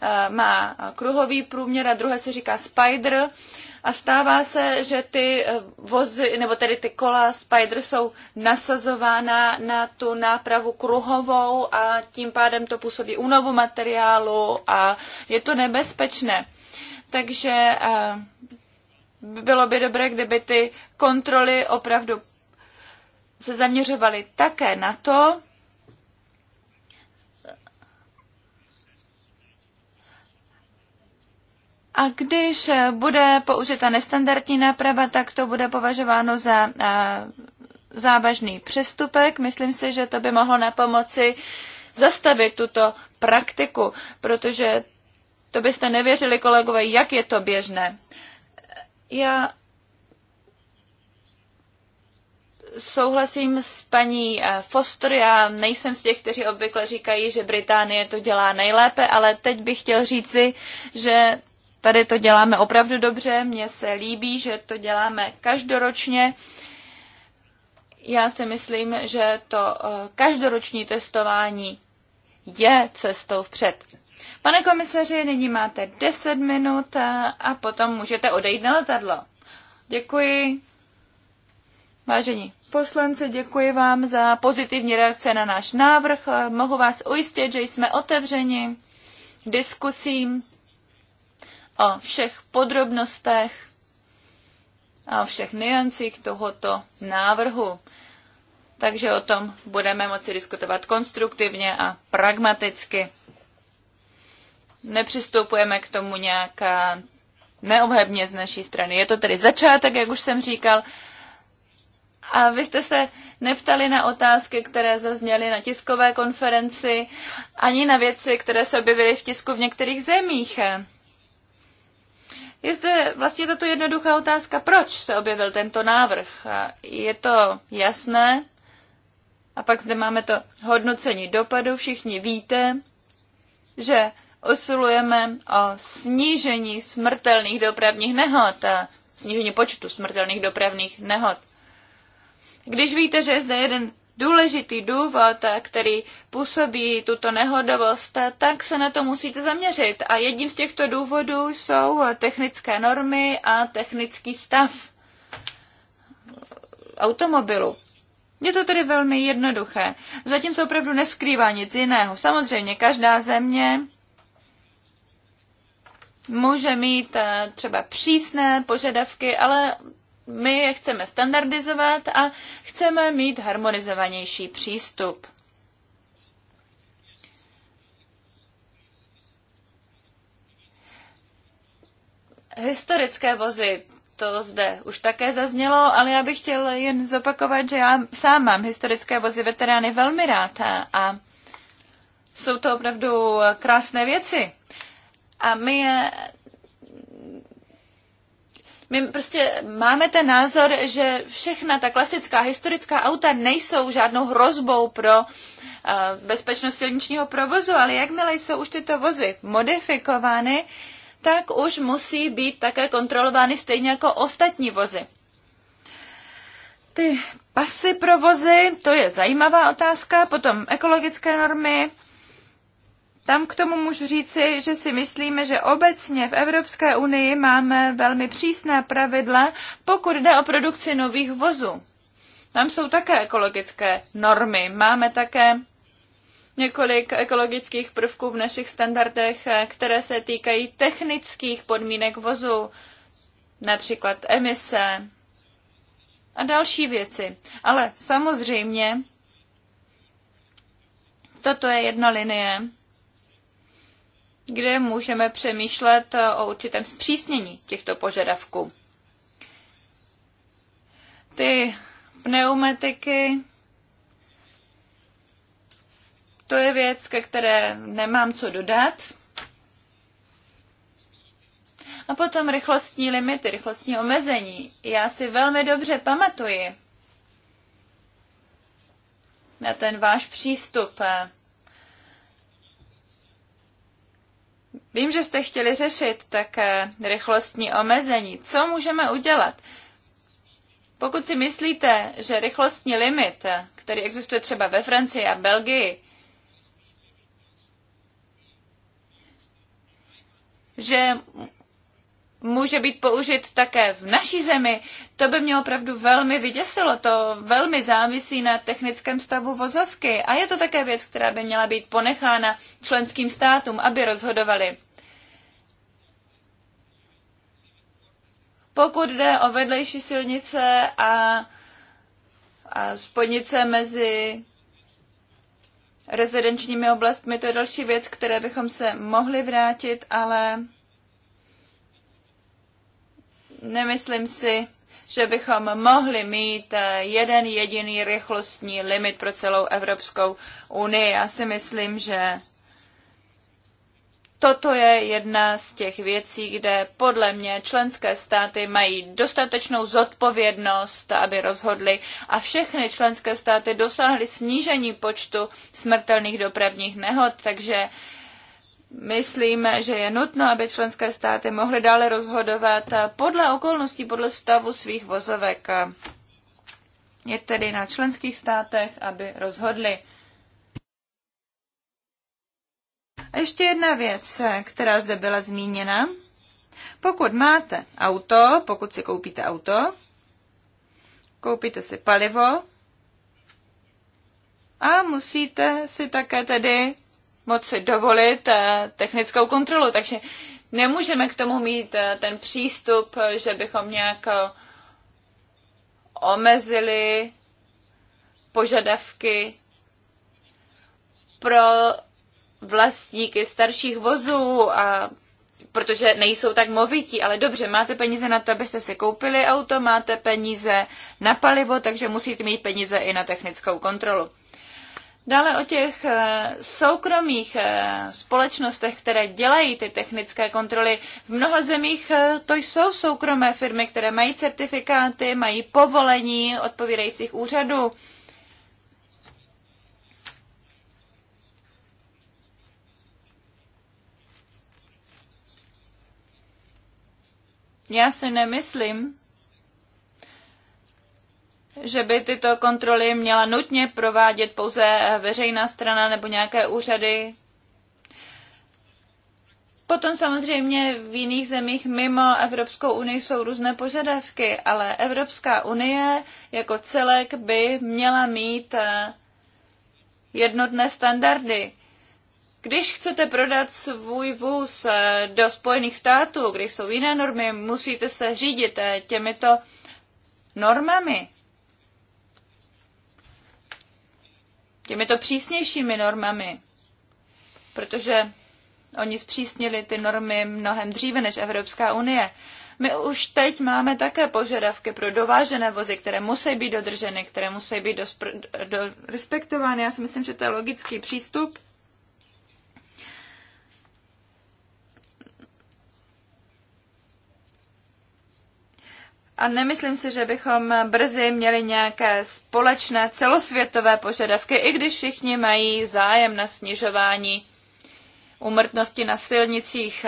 eh, má kruhový průměr a druhé se říká spider. A stává se, že ty vozy, nebo tedy ty kola Spider jsou nasazována na tu nápravu kruhovou a tím pádem to působí únovu materiálu a je to nebezpečné. Takže bylo by dobré, kdyby ty kontroly opravdu se zaměřovali také na to, A když bude použita nestandardní náprava, tak to bude považováno za eh, závažný přestupek. Myslím si, že to by mohlo na pomoci zastavit tuto praktiku, protože to byste nevěřili, kolegové, jak je to běžné. Já souhlasím s paní eh, Foster, já nejsem z těch, kteří obvykle říkají, že Británie to dělá nejlépe, ale teď bych chtěl říci, že tady to děláme opravdu dobře, mně se líbí, že to děláme každoročně. Já si myslím, že to eh, každoroční testování je cestou vpřed. Pane komisaři, nyní máte 10 minut eh, a potom můžete odejít na letadlo. Děkuji. Vážení Poslanci, děkuji vám za pozitivní reakce na náš návrh. Mohu vás ujistit, že jsme otevřeni diskusím o všech podrobnostech a o všech niancích tohoto návrhu. Takže o tom budeme moci diskutovat konstruktivně a pragmaticky. Nepřistupujeme k tomu nějaká neobhebně z naší strany. Je to tedy začátek, jak už jsem říkal, a vy jste se neptali na otázky, které zazněly na tiskové konferenci, ani na věci, které se objevily v tisku v některých zemích. Je zde vlastně tato jednoduchá otázka, proč se objevil tento návrh. Je to jasné. A pak zde máme to hodnocení dopadu. Všichni víte, že usilujeme o snížení smrtelných dopravních nehod a snížení počtu smrtelných dopravních nehod. Když víte, že je zde jeden důležitý důvod, který působí tuto nehodovost, tak se na to musíte zaměřit. A jedním z těchto důvodů jsou technické normy a technický stav automobilu. Je to tedy velmi jednoduché. Zatím se opravdu neskrývá nic jiného. Samozřejmě každá země může mít eh, třeba přísné požadavky, ale my je chceme standardizovat a chceme mít harmonizovanější přístup. Historické vozy, to zde už také zaznělo, ale já bych chtěl jen zopakovat, že já sám mám historické vozy veterány velmi rád a jsou to opravdu krásné věci. A my je my prostě máme ten názor, že všechna ta klasická historická auta nejsou žádnou hrozbou pro eh, bezpečnost silničního provozu, ale jakmile jsou už tyto vozy modifikovány, tak už musí být také kontrolovány stejně jako ostatní vozy. Ty pasy pro vozy, to je zajímavá otázka, potom ekologické normy, tam k tomu můžu říci, že si myslíme, že obecně v Evropské unii máme velmi přísná pravidla, pokud jde o produkci nových vozů. Tam jsou také ekologické normy. Máme také několik ekologických prvků v našich standardech, které se týkají technických podmínek vozu, například emise a další věci. Ale samozřejmě toto je jedna linie, kde můžeme přemýšlet eh, o určitém zpřísnění těchto požadavků. Ty pneumatiky, to je věc, ke které nemám co dodat. A potom rychlostní limity, rychlostní omezení. Já si velmi dobře pamatuji na ten váš přístup eh, Vím, že jste chtěli řešit také rychlostní omezení. Co můžeme udělat? Pokud si myslíte, že rychlostní limit, který existuje třeba ve Francii a Belgii, že může být použit také v naší zemi, to by mě opravdu velmi vyděsilo. To velmi závisí na technickém stavu vozovky. A je to také věc, která by měla být ponechána členským státům, aby rozhodovali. Pokud jde o vedlejší silnice a, a spodnice mezi rezidenčními oblastmi, to je další věc, které bychom se mohli vrátit, ale nemyslím si, že bychom mohli mít eh, jeden jediný rychlostní limit pro celou Evropskou unii. Já si myslím, že toto je jedna z těch věcí, kde podle mě členské státy mají dostatečnou zodpovědnost, aby rozhodly a všechny členské státy dosáhly snížení počtu smrtelných dopravních nehod, takže Myslím, že je nutno, aby členské státy mohly dále rozhodovat podle okolností, podle stavu svých vozovek. Je tedy na členských státech, aby rozhodli. A ještě jedna věc, která zde byla zmíněna. Pokud máte auto, pokud si koupíte auto, koupíte si palivo a musíte si také tedy moci dovolit eh, technickou kontrolu. Takže nemůžeme k tomu mít eh, ten přístup, eh, že bychom nějak omezili požadavky pro vlastníky starších vozů a protože nejsou tak movití, ale dobře, máte peníze na to, abyste si koupili auto, máte peníze na palivo, takže musíte mít peníze i na technickou kontrolu. Dále o těch eh, soukromých eh, společnostech, které dělají ty technické kontroly. V mnoha zemích eh, to jsou soukromé firmy, které mají certifikáty, mají povolení odpovídajících úřadů. Já si nemyslím, že by tyto kontroly měla nutně provádět pouze eh, veřejná strana nebo nějaké úřady. Potom samozřejmě v jiných zemích mimo Evropskou unii jsou různé požadavky, ale Evropská unie jako celek by měla mít eh, jednotné standardy. Když chcete prodat svůj vůz eh, do Spojených států, kde jsou jiné normy, musíte se řídit těmito normami. těmito přísnějšími normami, protože oni zpřísnili ty normy mnohem dříve než Evropská unie. My už teď máme také požadavky pro dovážené vozy, které musí být dodrženy, které musí být do, do- respektovány. Já si myslím, že to je logický přístup. A nemyslím si, že bychom brzy měli nějaké společné celosvětové požadavky, i když všichni mají zájem na snižování úmrtnosti na silnicích.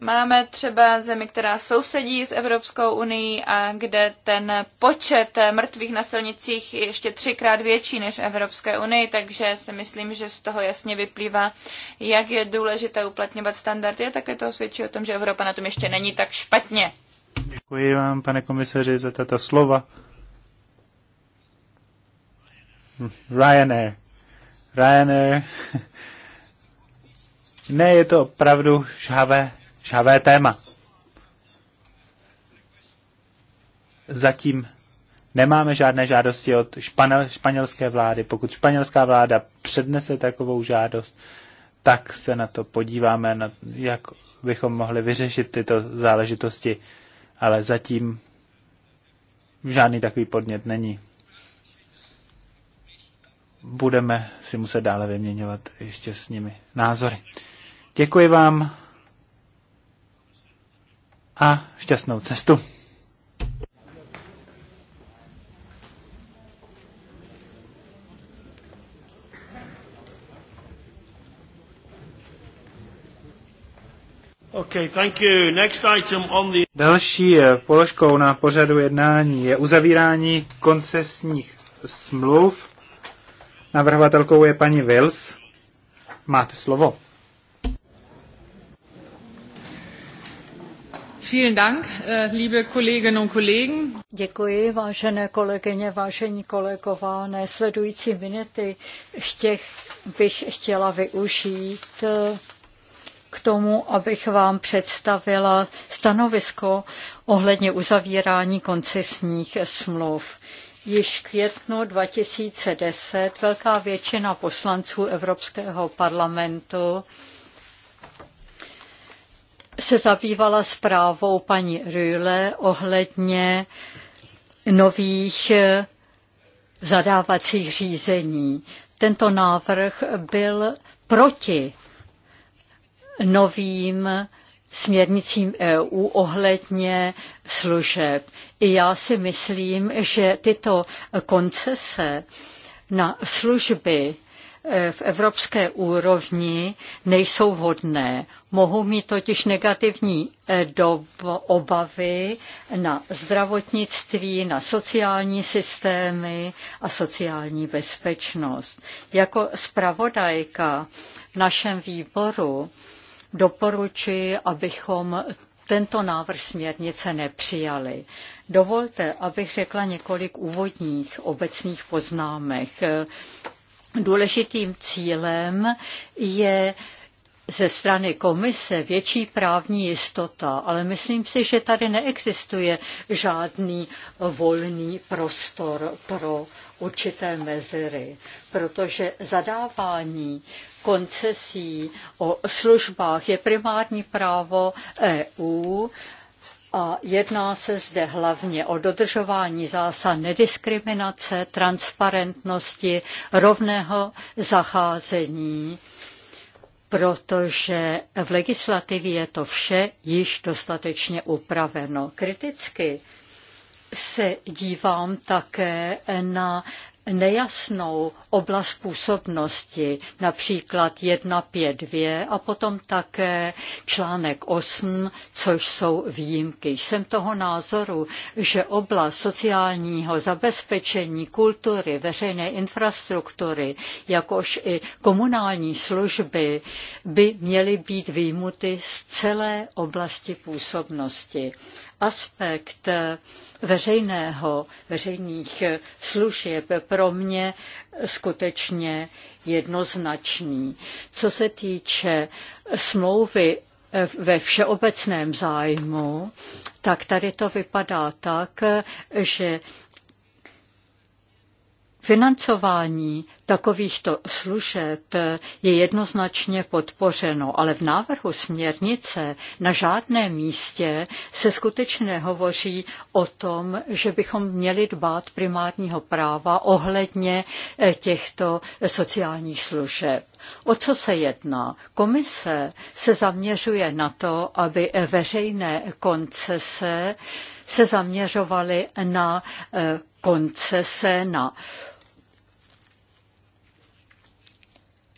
Máme třeba zemi, která sousedí s Evropskou unii a kde ten počet mrtvých na silnicích je ještě třikrát větší než v Evropské unii, takže si myslím, že z toho jasně vyplývá, jak je důležité uplatňovat standardy a také to svědčí o tom, že Evropa na tom ještě není tak špatně. Děkuji vám, pane komisaři, za tato slova. Hm, Ryanair. Ryanair. Ne, je to opravdu žhavé Žhavé téma. Zatím nemáme žádné žádosti od španěl, španělské vlády. Pokud španělská vláda přednese takovou žádost, tak se na to podíváme, na, jak bychom mohli vyřešit tyto záležitosti, ale zatím žádný takový podnět není. Budeme si muset dále vyměňovat ještě s nimi názory. Děkuji vám a šťastnou cestu. Okay, thank you. Next item on the... Další eh, položkou na pořadu jednání je uzavírání koncesních smluv. Navrhovatelkou je paní Wills. Máte slovo. Äh, Děkuji, vážené kolegyně, vážení kolegová. Následující minuty těch bych chtěla využít eh, k tomu, abych vám představila stanovisko ohledně uzavírání koncesních smluv. Již v květnu 2010 velká většina poslanců Evropského parlamentu se zabývala zprávou paní Rühle ohledně nových eh, zadávacích řízení. Tento návrh byl proti novým směrnicím EU ohledně služeb. I já si myslím, že tyto koncese na služby Eh, v evropské úrovni nejsou vhodné. Mohou mít totiž negativní eh, do obavy na zdravotnictví, na sociální systémy a sociální bezpečnost. Jako zpravodajka v našem výboru doporučuji, abychom tento návrh směrnice nepřijali. Dovolte, abych řekla několik úvodních obecných poznámek Důležitým cílem je ze strany komise větší právní jistota, ale myslím si, že tady neexistuje žádný volný prostor pro určité mezery, protože zadávání koncesí o službách je primární právo EU, a jedná se zde hlavně o dodržování zásad nediskriminace, transparentnosti, rovného zacházení, protože v legislativě je to vše již dostatečně upraveno. Kriticky se dívám také na nejasnou oblast působnosti, například 1.5.2 a potom také článek 8, což jsou výjimky. Jsem toho názoru, že oblast sociálního zabezpečení, kultury, veřejné infrastruktury, jakož i komunální služby by měly být výjimuty z celé oblasti působnosti aspekt veřejného, veřejných služeb pro mě skutečně jednoznačný. Co se týče smlouvy ve všeobecném zájmu, tak tady to vypadá tak, že Financování takovýchto služeb je jednoznačně podpořeno, ale v návrhu směrnice na žádném místě se skutečně hovoří o tom, že bychom měli dbát primárního práva ohledně eh, těchto sociálních služeb. O co se jedná? Komise se zaměřuje na to, aby eh, veřejné koncese se zaměřovaly na eh, koncese na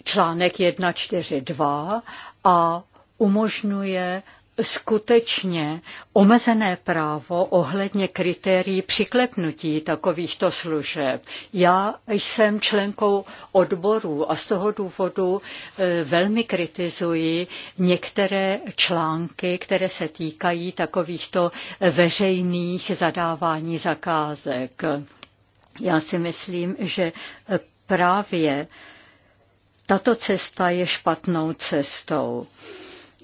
článek 142 a umožňuje skutečně omezené právo ohledně kritérií přiklepnutí takovýchto služeb. Já jsem členkou odboru a z toho důvodu e, velmi kritizuji některé články, které se týkají takovýchto veřejných zadávání zakázek. Já si myslím, že právě tato cesta je špatnou cestou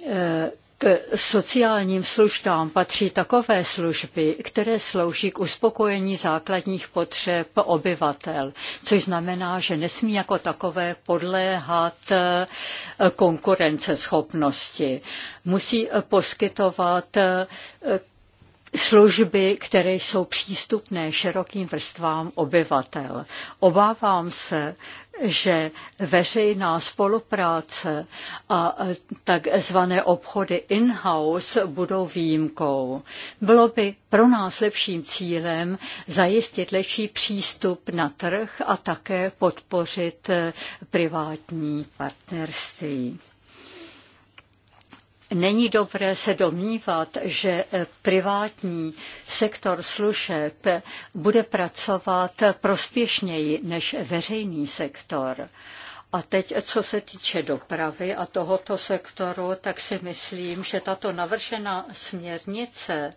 e, k sociálním službám patří takové služby, které slouží k uspokojení základních potřeb obyvatel, což znamená, že nesmí jako takové podléhat eh, konkurenceschopnosti. Musí eh, poskytovat eh, služby, které jsou přístupné širokým vrstvám obyvatel. Obávám se, že veřejná spolupráce a takzvané obchody in-house budou výjimkou. Bylo by pro nás lepším cílem zajistit lepší přístup na trh a také podpořit eh, privátní partnerství. Není dobré se domnívat, že privátní sektor služeb bude pracovat prospěšněji než veřejný sektor. A teď, co se týče dopravy a tohoto sektoru, tak si myslím, že tato navržená směrnice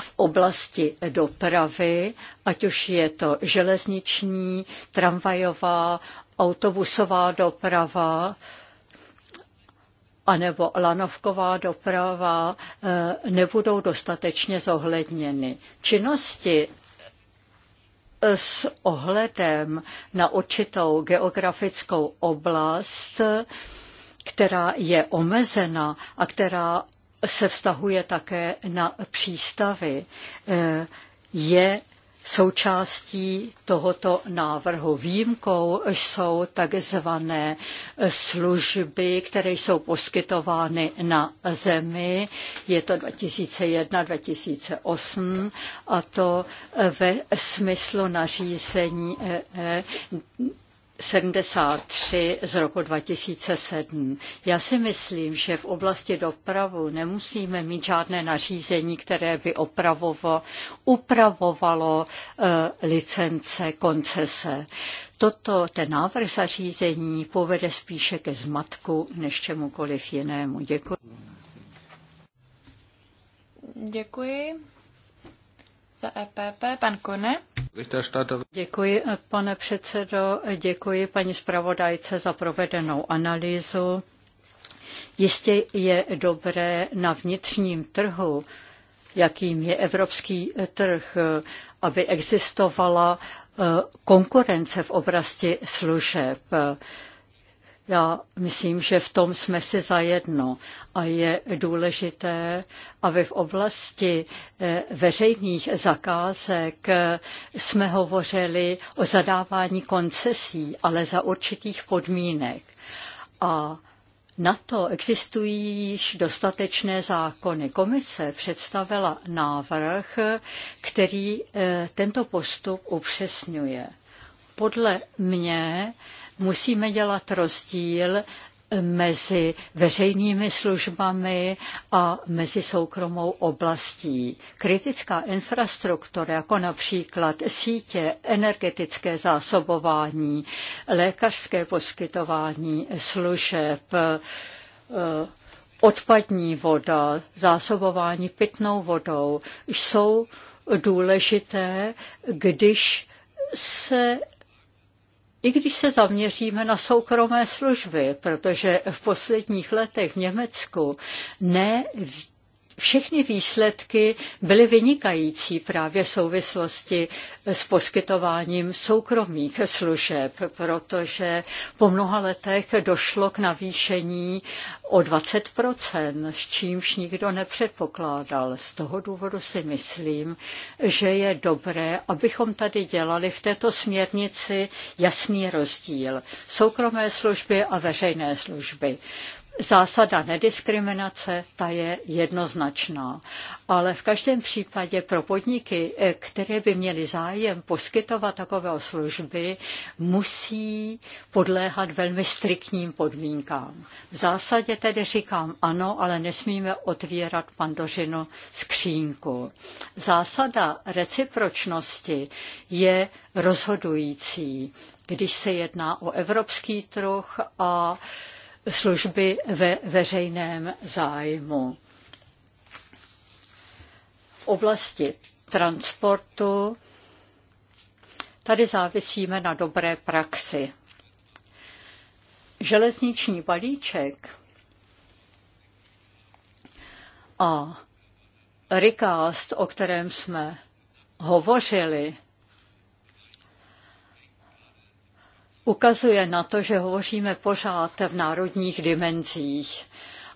v oblasti dopravy, ať už je to železniční, tramvajová, autobusová doprava, anebo lanovková doprava eh, nebudou dostatečně zohledněny. Činnosti eh, s ohledem na určitou geografickou oblast, která je omezena a která se vztahuje také na přístavy, eh, je Součástí tohoto návrhu výjimkou jsou takzvané služby, které jsou poskytovány na zemi. Je to 2001-2008 a to ve smyslu nařízení 73 z roku 2007. Já si myslím, že v oblasti dopravu nemusíme mít žádné nařízení, které by opravovo, upravovalo e, licence, koncese. Toto, ten návrh zařízení povede spíše ke zmatku než čemukoliv jinému. Děkuji. Děkuji za EPP, pan Kone. Děkuji, pane předsedo, děkuji paní zpravodajce za provedenou analýzu. Jistě je dobré na vnitřním trhu, jakým je evropský trh, aby existovala eh, konkurence v oblasti služeb. Já myslím, že v tom jsme si zajedno a je důležité, aby v oblasti eh, veřejných zakázek eh, jsme hovořili o zadávání koncesí, ale za určitých podmínek. A na to existují již dostatečné zákony. Komise představila návrh, který eh, tento postup upřesňuje. Podle mě Musíme dělat rozdíl mezi veřejnými službami a mezi soukromou oblastí. Kritická infrastruktura, jako například sítě, energetické zásobování, lékařské poskytování služeb, eh, odpadní voda, zásobování pitnou vodou, jsou důležité, když se i když se zaměříme na soukromé služby, protože v posledních letech v Německu ne všechny výsledky byly vynikající právě v souvislosti s poskytováním soukromých služeb, protože po mnoha letech došlo k navýšení o 20%, s čímž nikdo nepředpokládal. Z toho důvodu si myslím, že je dobré, abychom tady dělali v této směrnici jasný rozdíl. Soukromé služby a veřejné služby. Zásada nediskriminace, ta je jednoznačná, ale v každém případě pro podniky, eh, které by měly zájem poskytovat takové služby, musí podléhat velmi striktním podmínkám. V zásadě tedy říkám ano, ale nesmíme otvírat pandořinu skřínku. Zásada recipročnosti je rozhodující, když se jedná o evropský trh a služby ve veřejném zájmu. V oblasti transportu tady závisíme na dobré praxi. Železniční balíček a recast, o kterém jsme hovořili, ukazuje na to, že hovoříme pořád v národních dimenzích.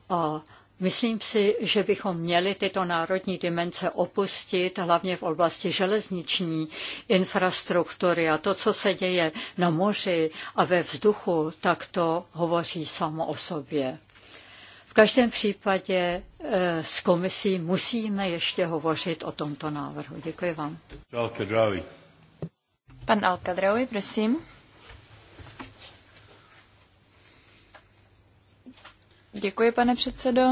A Myslím si, že bychom měli tyto národní dimenze opustit, hlavně v oblasti železniční infrastruktury a to, co se děje na moři a ve vzduchu, tak to hovoří samo o sobě. V každém případě eh, s komisí musíme ještě hovořit o tomto návrhu. Děkuji vám. Pan Alkadraoui, prosím. Děkuji, pane předsedo.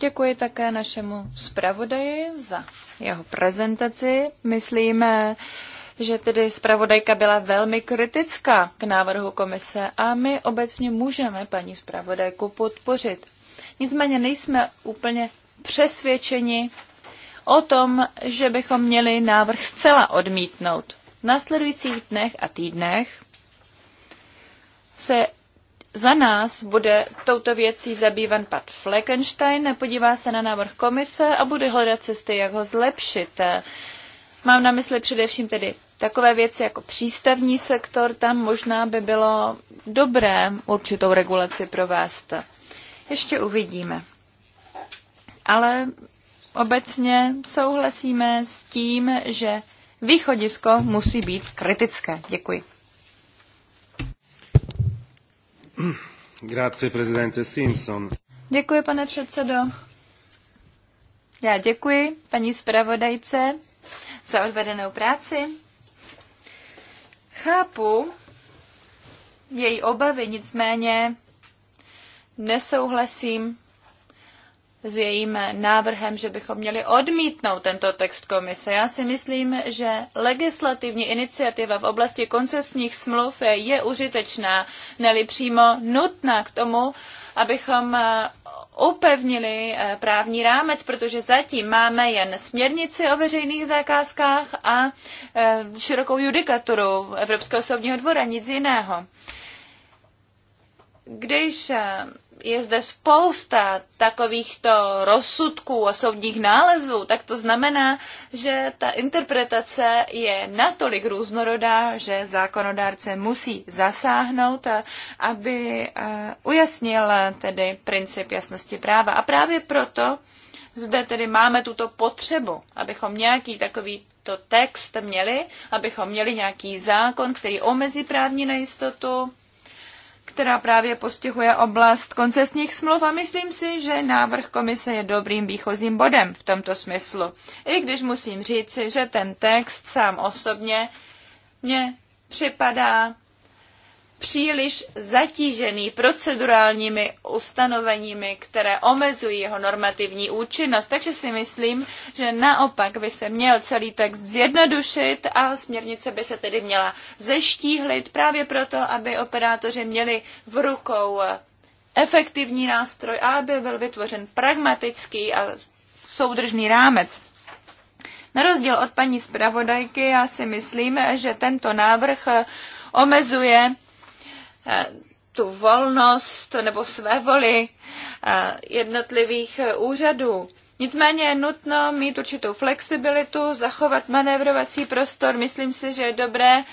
Děkuji také našemu zpravodaji za jeho prezentaci. Myslíme, že tedy zpravodajka byla velmi kritická k návrhu komise a my obecně můžeme paní zpravodajku podpořit. Nicméně nejsme úplně přesvědčeni o tom, že bychom měli návrh zcela odmítnout. V následujících dnech a týdnech se za nás bude touto věcí zabývan pan Fleckenstein, podívá se na návrh komise a bude hledat cesty, jak ho zlepšit. Mám na mysli především tedy takové věci jako přístavní sektor, tam možná by bylo dobré určitou regulaci provést. Ještě uvidíme. Ale obecně souhlasíme s tím, že východisko musí být kritické. Děkuji. Děkuji, pane předsedo. Já děkuji paní zpravodajce za odvedenou práci. Chápu její obavy, nicméně nesouhlasím s jejím návrhem, že bychom měli odmítnout tento text komise. Já si myslím, že legislativní iniciativa v oblasti koncesních smluv je užitečná, neli přímo nutná k tomu, abychom eh, upevnili eh, právní rámec, protože zatím máme jen směrnici o veřejných zakázkách a eh, širokou judikaturu Evropského soudního dvora, nic jiného. Když je zde spousta takovýchto rozsudků a soudních nálezů, tak to znamená, že ta interpretace je natolik různorodá, že zákonodárce musí zasáhnout, aby eh, ujasnil tedy princip jasnosti práva. A právě proto zde tedy máme tuto potřebu, abychom nějaký takový to text měli, abychom měli nějaký zákon, který omezí právní nejistotu, která právě postihuje oblast koncesních smluv a myslím si, že návrh komise je dobrým výchozím bodem v tomto smyslu. I když musím říci, že ten text sám osobně mě připadá příliš zatížený procedurálními ustanoveními, které omezují jeho normativní účinnost. Takže si myslím, že naopak by se měl celý text zjednodušit a směrnice by se tedy měla zeštíhlit právě proto, aby operátoři měli v rukou efektivní nástroj a aby byl vytvořen pragmatický a soudržný rámec. Na rozdíl od paní zpravodajky, já si myslím, že tento návrh omezuje Eh, tu volnost nebo své voli eh, jednotlivých eh, úřadů. Nicméně je nutno mít určitou flexibilitu, zachovat manévrovací prostor. Myslím si, že je dobré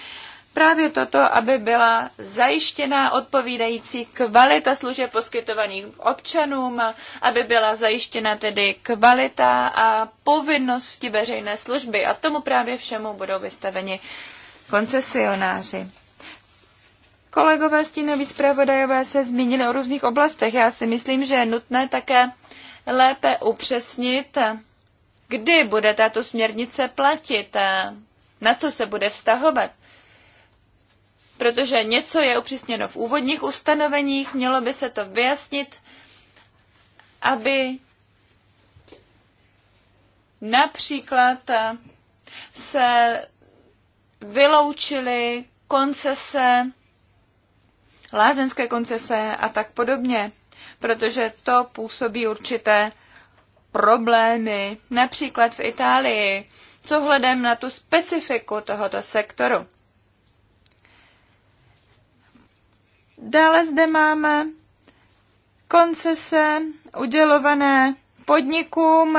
právě toto, aby byla zajištěná odpovídající kvalita služeb poskytovaných občanům, aby byla zajištěna tedy kvalita a povinnosti veřejné služby. A tomu právě všemu budou vystaveni koncesionáři. Kolegové stínoví zpravodajové se zmínili o různých oblastech. Já si myslím, že je nutné také lépe upřesnit, kdy bude tato směrnice platit, na co se bude vztahovat. Protože něco je upřesněno v úvodních ustanoveních, mělo by se to vyjasnit, aby například se vyloučily koncese lázeňské koncese a tak podobně, protože to působí určité problémy, například v Itálii, co hledem na tu specifiku tohoto sektoru. Dále zde máme koncese udělované podnikům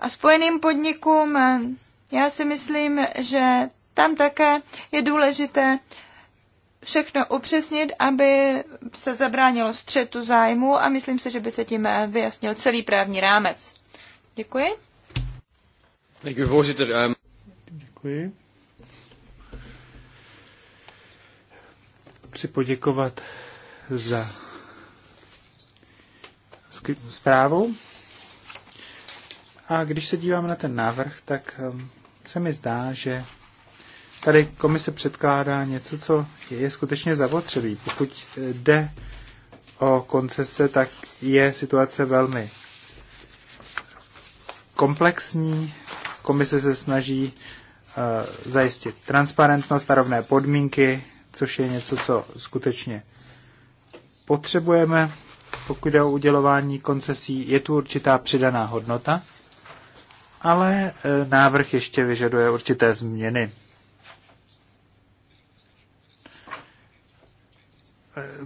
a spojeným podnikům. Já si myslím, že tam také je důležité všechno upřesnit, aby se zabránilo střetu zájmu a myslím se, že by se tím vyjasnil celý právní rámec. Děkuji. Um, Děkuji. Chci poděkovat za zprávu. A když se dívám na ten návrh, tak um, se mi zdá, že tady komise předkládá něco, co je skutečně zapotřebí. Pokud jde o koncese, tak je situace velmi komplexní. Komise se snaží uh, zajistit transparentnost a rovné podmínky, což je něco, co skutečně potřebujeme. Pokud jde o udělování koncesí, je tu určitá přidaná hodnota, ale eh, návrh ještě vyžaduje určité změny.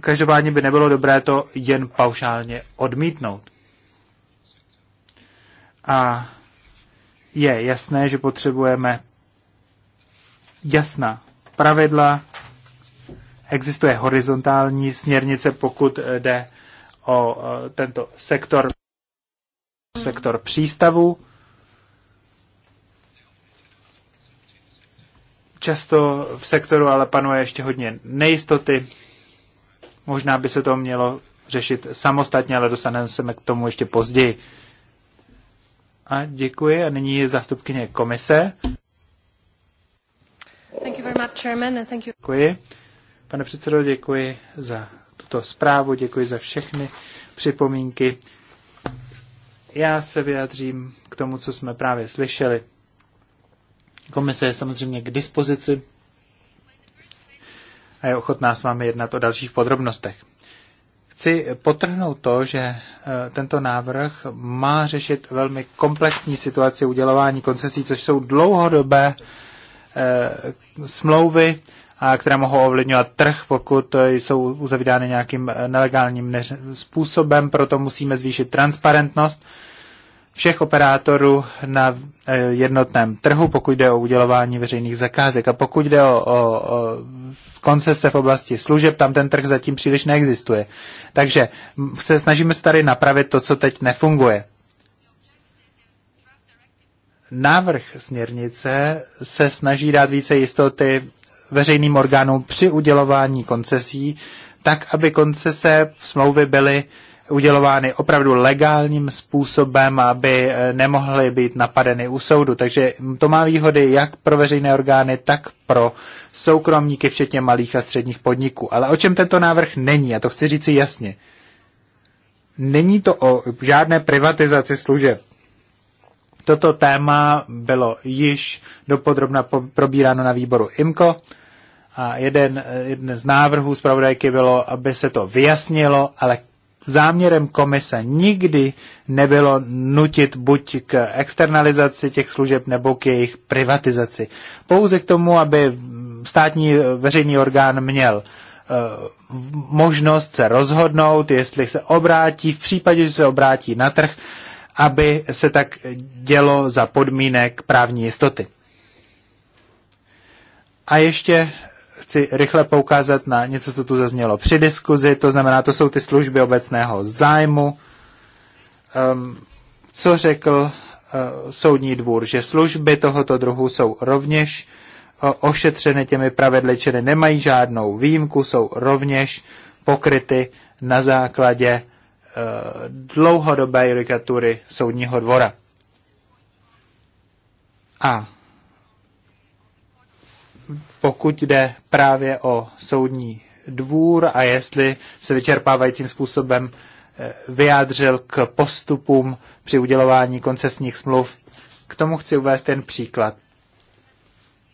každopádně by nebylo dobré to jen paušálně odmítnout. A je jasné, že potřebujeme jasná pravidla, existuje horizontální směrnice, pokud jde o tento sektor, sektor přístavu. Často v sektoru ale panuje ještě hodně nejistoty, Možná by se to mělo řešit samostatně, ale dostaneme se k tomu ještě později. A děkuji. A nyní je zástupkyně komise. Thank you very much, Chairman, and thank you. Děkuji. Pane předsedo, děkuji za tuto zprávu, děkuji za všechny připomínky. Já se vyjádřím k tomu, co jsme právě slyšeli. Komise je samozřejmě k dispozici a je ochotná s vámi jednat o dalších podrobnostech. Chci potrhnout to, že e, tento návrh má řešit velmi komplexní situaci udělování koncesí, což jsou dlouhodobé e, smlouvy, a které mohou ovlivňovat trh, pokud jsou uzavídány nějakým nelegálním způsobem, proto musíme zvýšit transparentnost všech operátorů na eh, jednotném trhu, pokud jde o udělování veřejných zakázek. A pokud jde o, o, o koncese v oblasti služeb, tam ten trh zatím příliš neexistuje. Takže se snažíme se tady napravit to, co teď nefunguje. Návrh směrnice se snaží dát více jistoty veřejným orgánům při udělování koncesí, tak aby koncese v smlouvy byly uh, udělovány opravdu legálním způsobem, aby eh, nemohly být napadeny u soudu. Takže to má výhody jak pro veřejné orgány, tak pro soukromníky, včetně malých a středních podniků. Ale o čem tento návrh není, a to chci říci jasně. Není to o žádné privatizaci služeb. Toto téma bylo již dopodrobna probíráno na výboru IMCO a jeden, eh, jeden z návrhů zpravodajky bylo, aby se to vyjasnilo, ale záměrem komise nikdy nebylo nutit buď k externalizaci těch služeb nebo k jejich privatizaci. Pouze k tomu, aby státní veřejný orgán měl eh, možnost se rozhodnout, jestli se obrátí, v případě, že se obrátí na trh, aby se tak dělo za podmínek právní jistoty. A ještě chci rychle poukázat na něco, co tu zaznělo při diskuzi, to znamená, to jsou ty služby obecného zájmu. Um, co řekl uh, soudní dvůr, že služby tohoto druhu jsou rovněž uh, ošetřeny těmi pravidly, čili nemají žádnou výjimku, jsou rovněž pokryty na základě uh, dlouhodobé judikatury soudního dvora. A pokud jde právě o soudní dvůr a jestli se vyčerpávajícím způsobem eh, vyjádřil k postupům při udělování koncesních smluv. K tomu chci uvést ten příklad.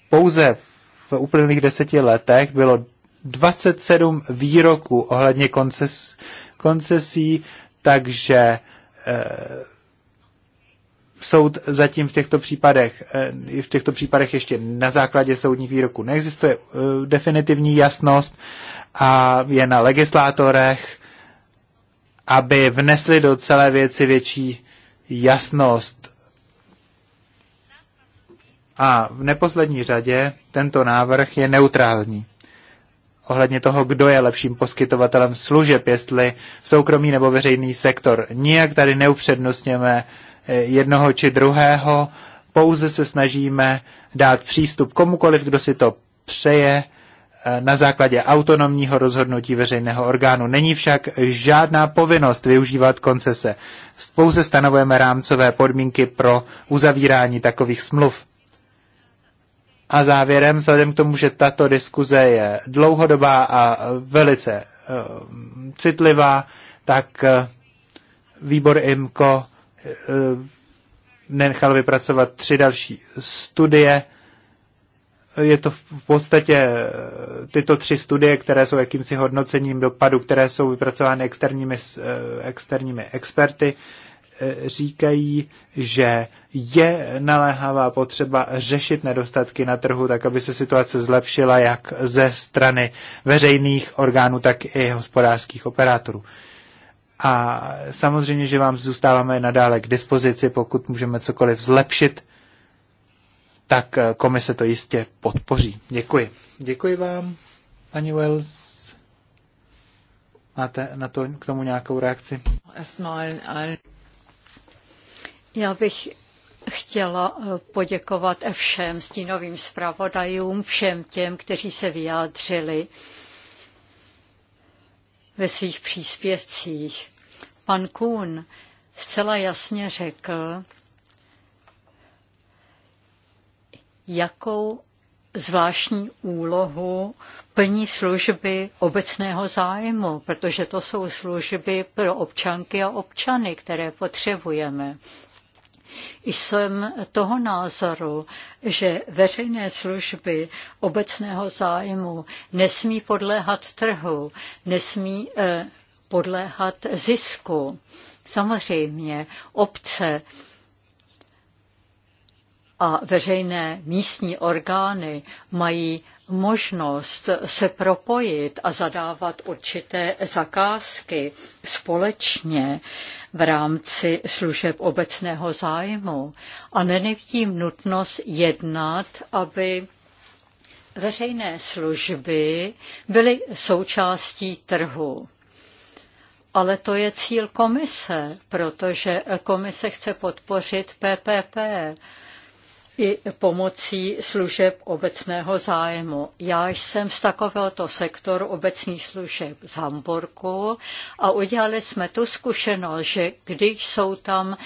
Pouze v uplynulých deseti letech bylo 27 výroků ohledně konces, koncesí, takže eh, soud zatím v těchto případech, eh, v těchto případech ještě na základě soudních výroků neexistuje eh, definitivní jasnost a je na legislátorech, aby vnesli do celé věci větší jasnost. A v neposlední řadě tento návrh je neutrální ohledně toho, kdo je lepším poskytovatelem služeb, jestli soukromý nebo veřejný sektor. Nijak tady neupřednostněme uh, Eh, jednoho či druhého, pouze se snažíme dát přístup komukoliv, kdo si to přeje eh, na základě autonomního rozhodnutí veřejného orgánu. Není však žádná povinnost využívat koncese. Pouze stanovujeme rámcové podmínky pro uzavírání takových smluv. A závěrem, vzhledem k tomu, že tato diskuze je dlouhodobá a velice uh, citlivá, tak uh, výbor IMCO Eh, nechal vypracovat tři další studie. Je to v podstatě eh, tyto tři studie, které jsou jakýmsi hodnocením dopadu, které jsou vypracovány externími, eh, externími experty, říkají, že je naléhavá potřeba řešit nedostatky na trhu, tak aby se situace zlepšila jak ze strany veřejných orgánů, tak i hospodářských operátorů. A samozřejmě, že vám zůstáváme nadále k dispozici, pokud můžeme cokoliv zlepšit, tak eh, komise to jistě podpoří. Děkuji. Děkuji vám, paní Wells. Máte na to, k tomu nějakou reakci? Já bych chtěla eh, poděkovat všem stínovým zpravodajům, všem těm, kteří se vyjádřili ve svých příspěvcích. Pan Kuhn zcela jasně řekl, jakou zvláštní úlohu plní služby obecného zájmu, protože to jsou služby pro občanky a občany, které potřebujeme. Jsem toho názoru, že veřejné služby obecného zájmu nesmí podléhat trhu, nesmí eh, podléhat zisku. Samozřejmě obce a veřejné místní orgány mají možnost se propojit a zadávat určité zakázky společně v rámci služeb obecného zájmu. A tím nutnost jednat, aby veřejné služby byly součástí trhu. Ale to je cíl komise, protože komise chce podpořit PPP i pomocí služeb obecného zájmu. Já jsem z takovéhoto sektoru obecních služeb z Hamburgu a udělali jsme tu zkušenost, že když jsou tam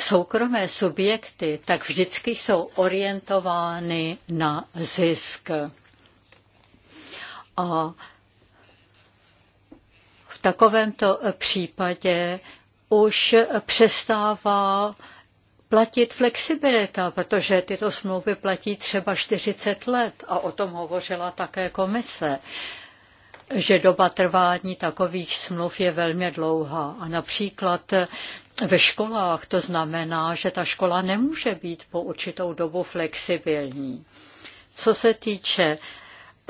soukromé subjekty, tak vždycky jsou orientovány na zisk. A v takovémto případě už přestává platit flexibilita, protože tyto smlouvy platí třeba 40 let a o tom hovořila také komise že doba trvání takových smluv je velmi dlouhá. A například ve školách to znamená, že ta škola nemůže být po určitou dobu flexibilní. Co se týče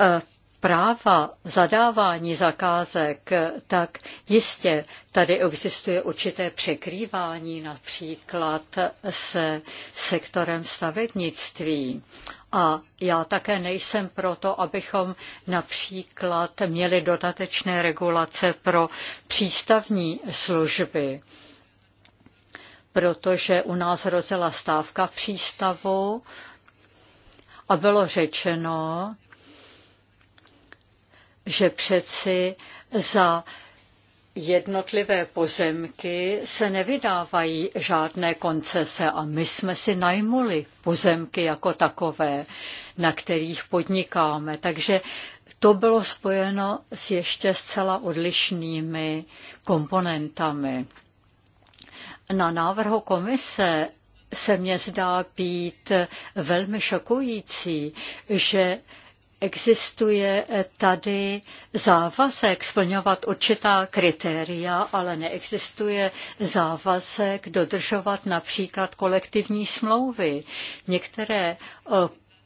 eh, práva zadávání zakázek, tak jistě tady existuje určité překrývání například se sektorem stavebnictví. A já také nejsem proto, abychom například měli dodatečné regulace pro přístavní služby protože u nás rozjela stávka přístavu a bylo řečeno, že přeci za jednotlivé pozemky se nevydávají žádné koncese a my jsme si najmuli pozemky jako takové, na kterých podnikáme. Takže to bylo spojeno s ještě zcela odlišnými komponentami. Na návrhu komise se mně zdá být velmi šokující, že Existuje tady závazek splňovat určitá kritéria, ale neexistuje závazek dodržovat například kolektivní smlouvy. Některé eh,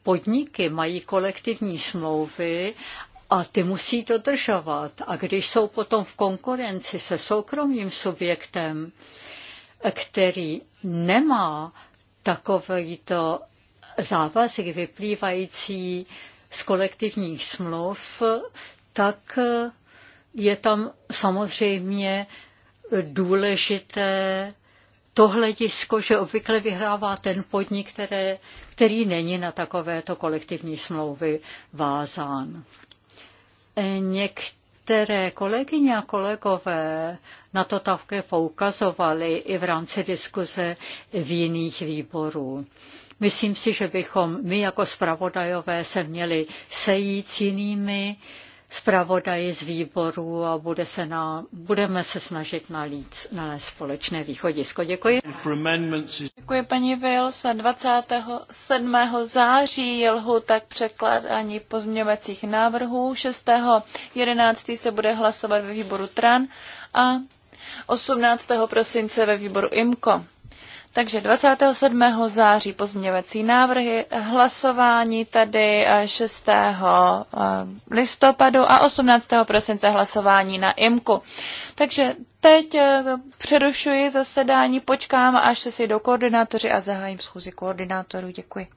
podniky mají kolektivní smlouvy a ty musí dodržovat. A když jsou potom v konkurenci se soukromým subjektem, který nemá takovýto závazek vyplývající z kolektivních smluv, tak je tam samozřejmě důležité to hledisko, že obvykle vyhrává ten podnik, které, který není na takovéto kolektivní smlouvy vázán. Některé kolegyně a kolegové na to také poukazovali i v rámci diskuze v jiných výborů. Myslím si, že bychom my jako zpravodajové se měli sejít s jinými zpravodaji z výboru a bude se na, budeme se snažit nalít, na společné východisko. Děkuji. Děkuji paní Wills. 27. září je lhuta k překladání pozměňovacích návrhů. 6. 11. se bude hlasovat ve výboru TRAN a 18. prosince ve výboru IMKO. Takže 27. září pozměňovací návrhy, hlasování tady 6. Eh, eh, listopadu a 18. prosince hlasování na IMKU. Takže teď eh, přerušuji zasedání, počkám, až se sejdou koordinátoři a zahájím schůzi koordinátorů. Děkuji.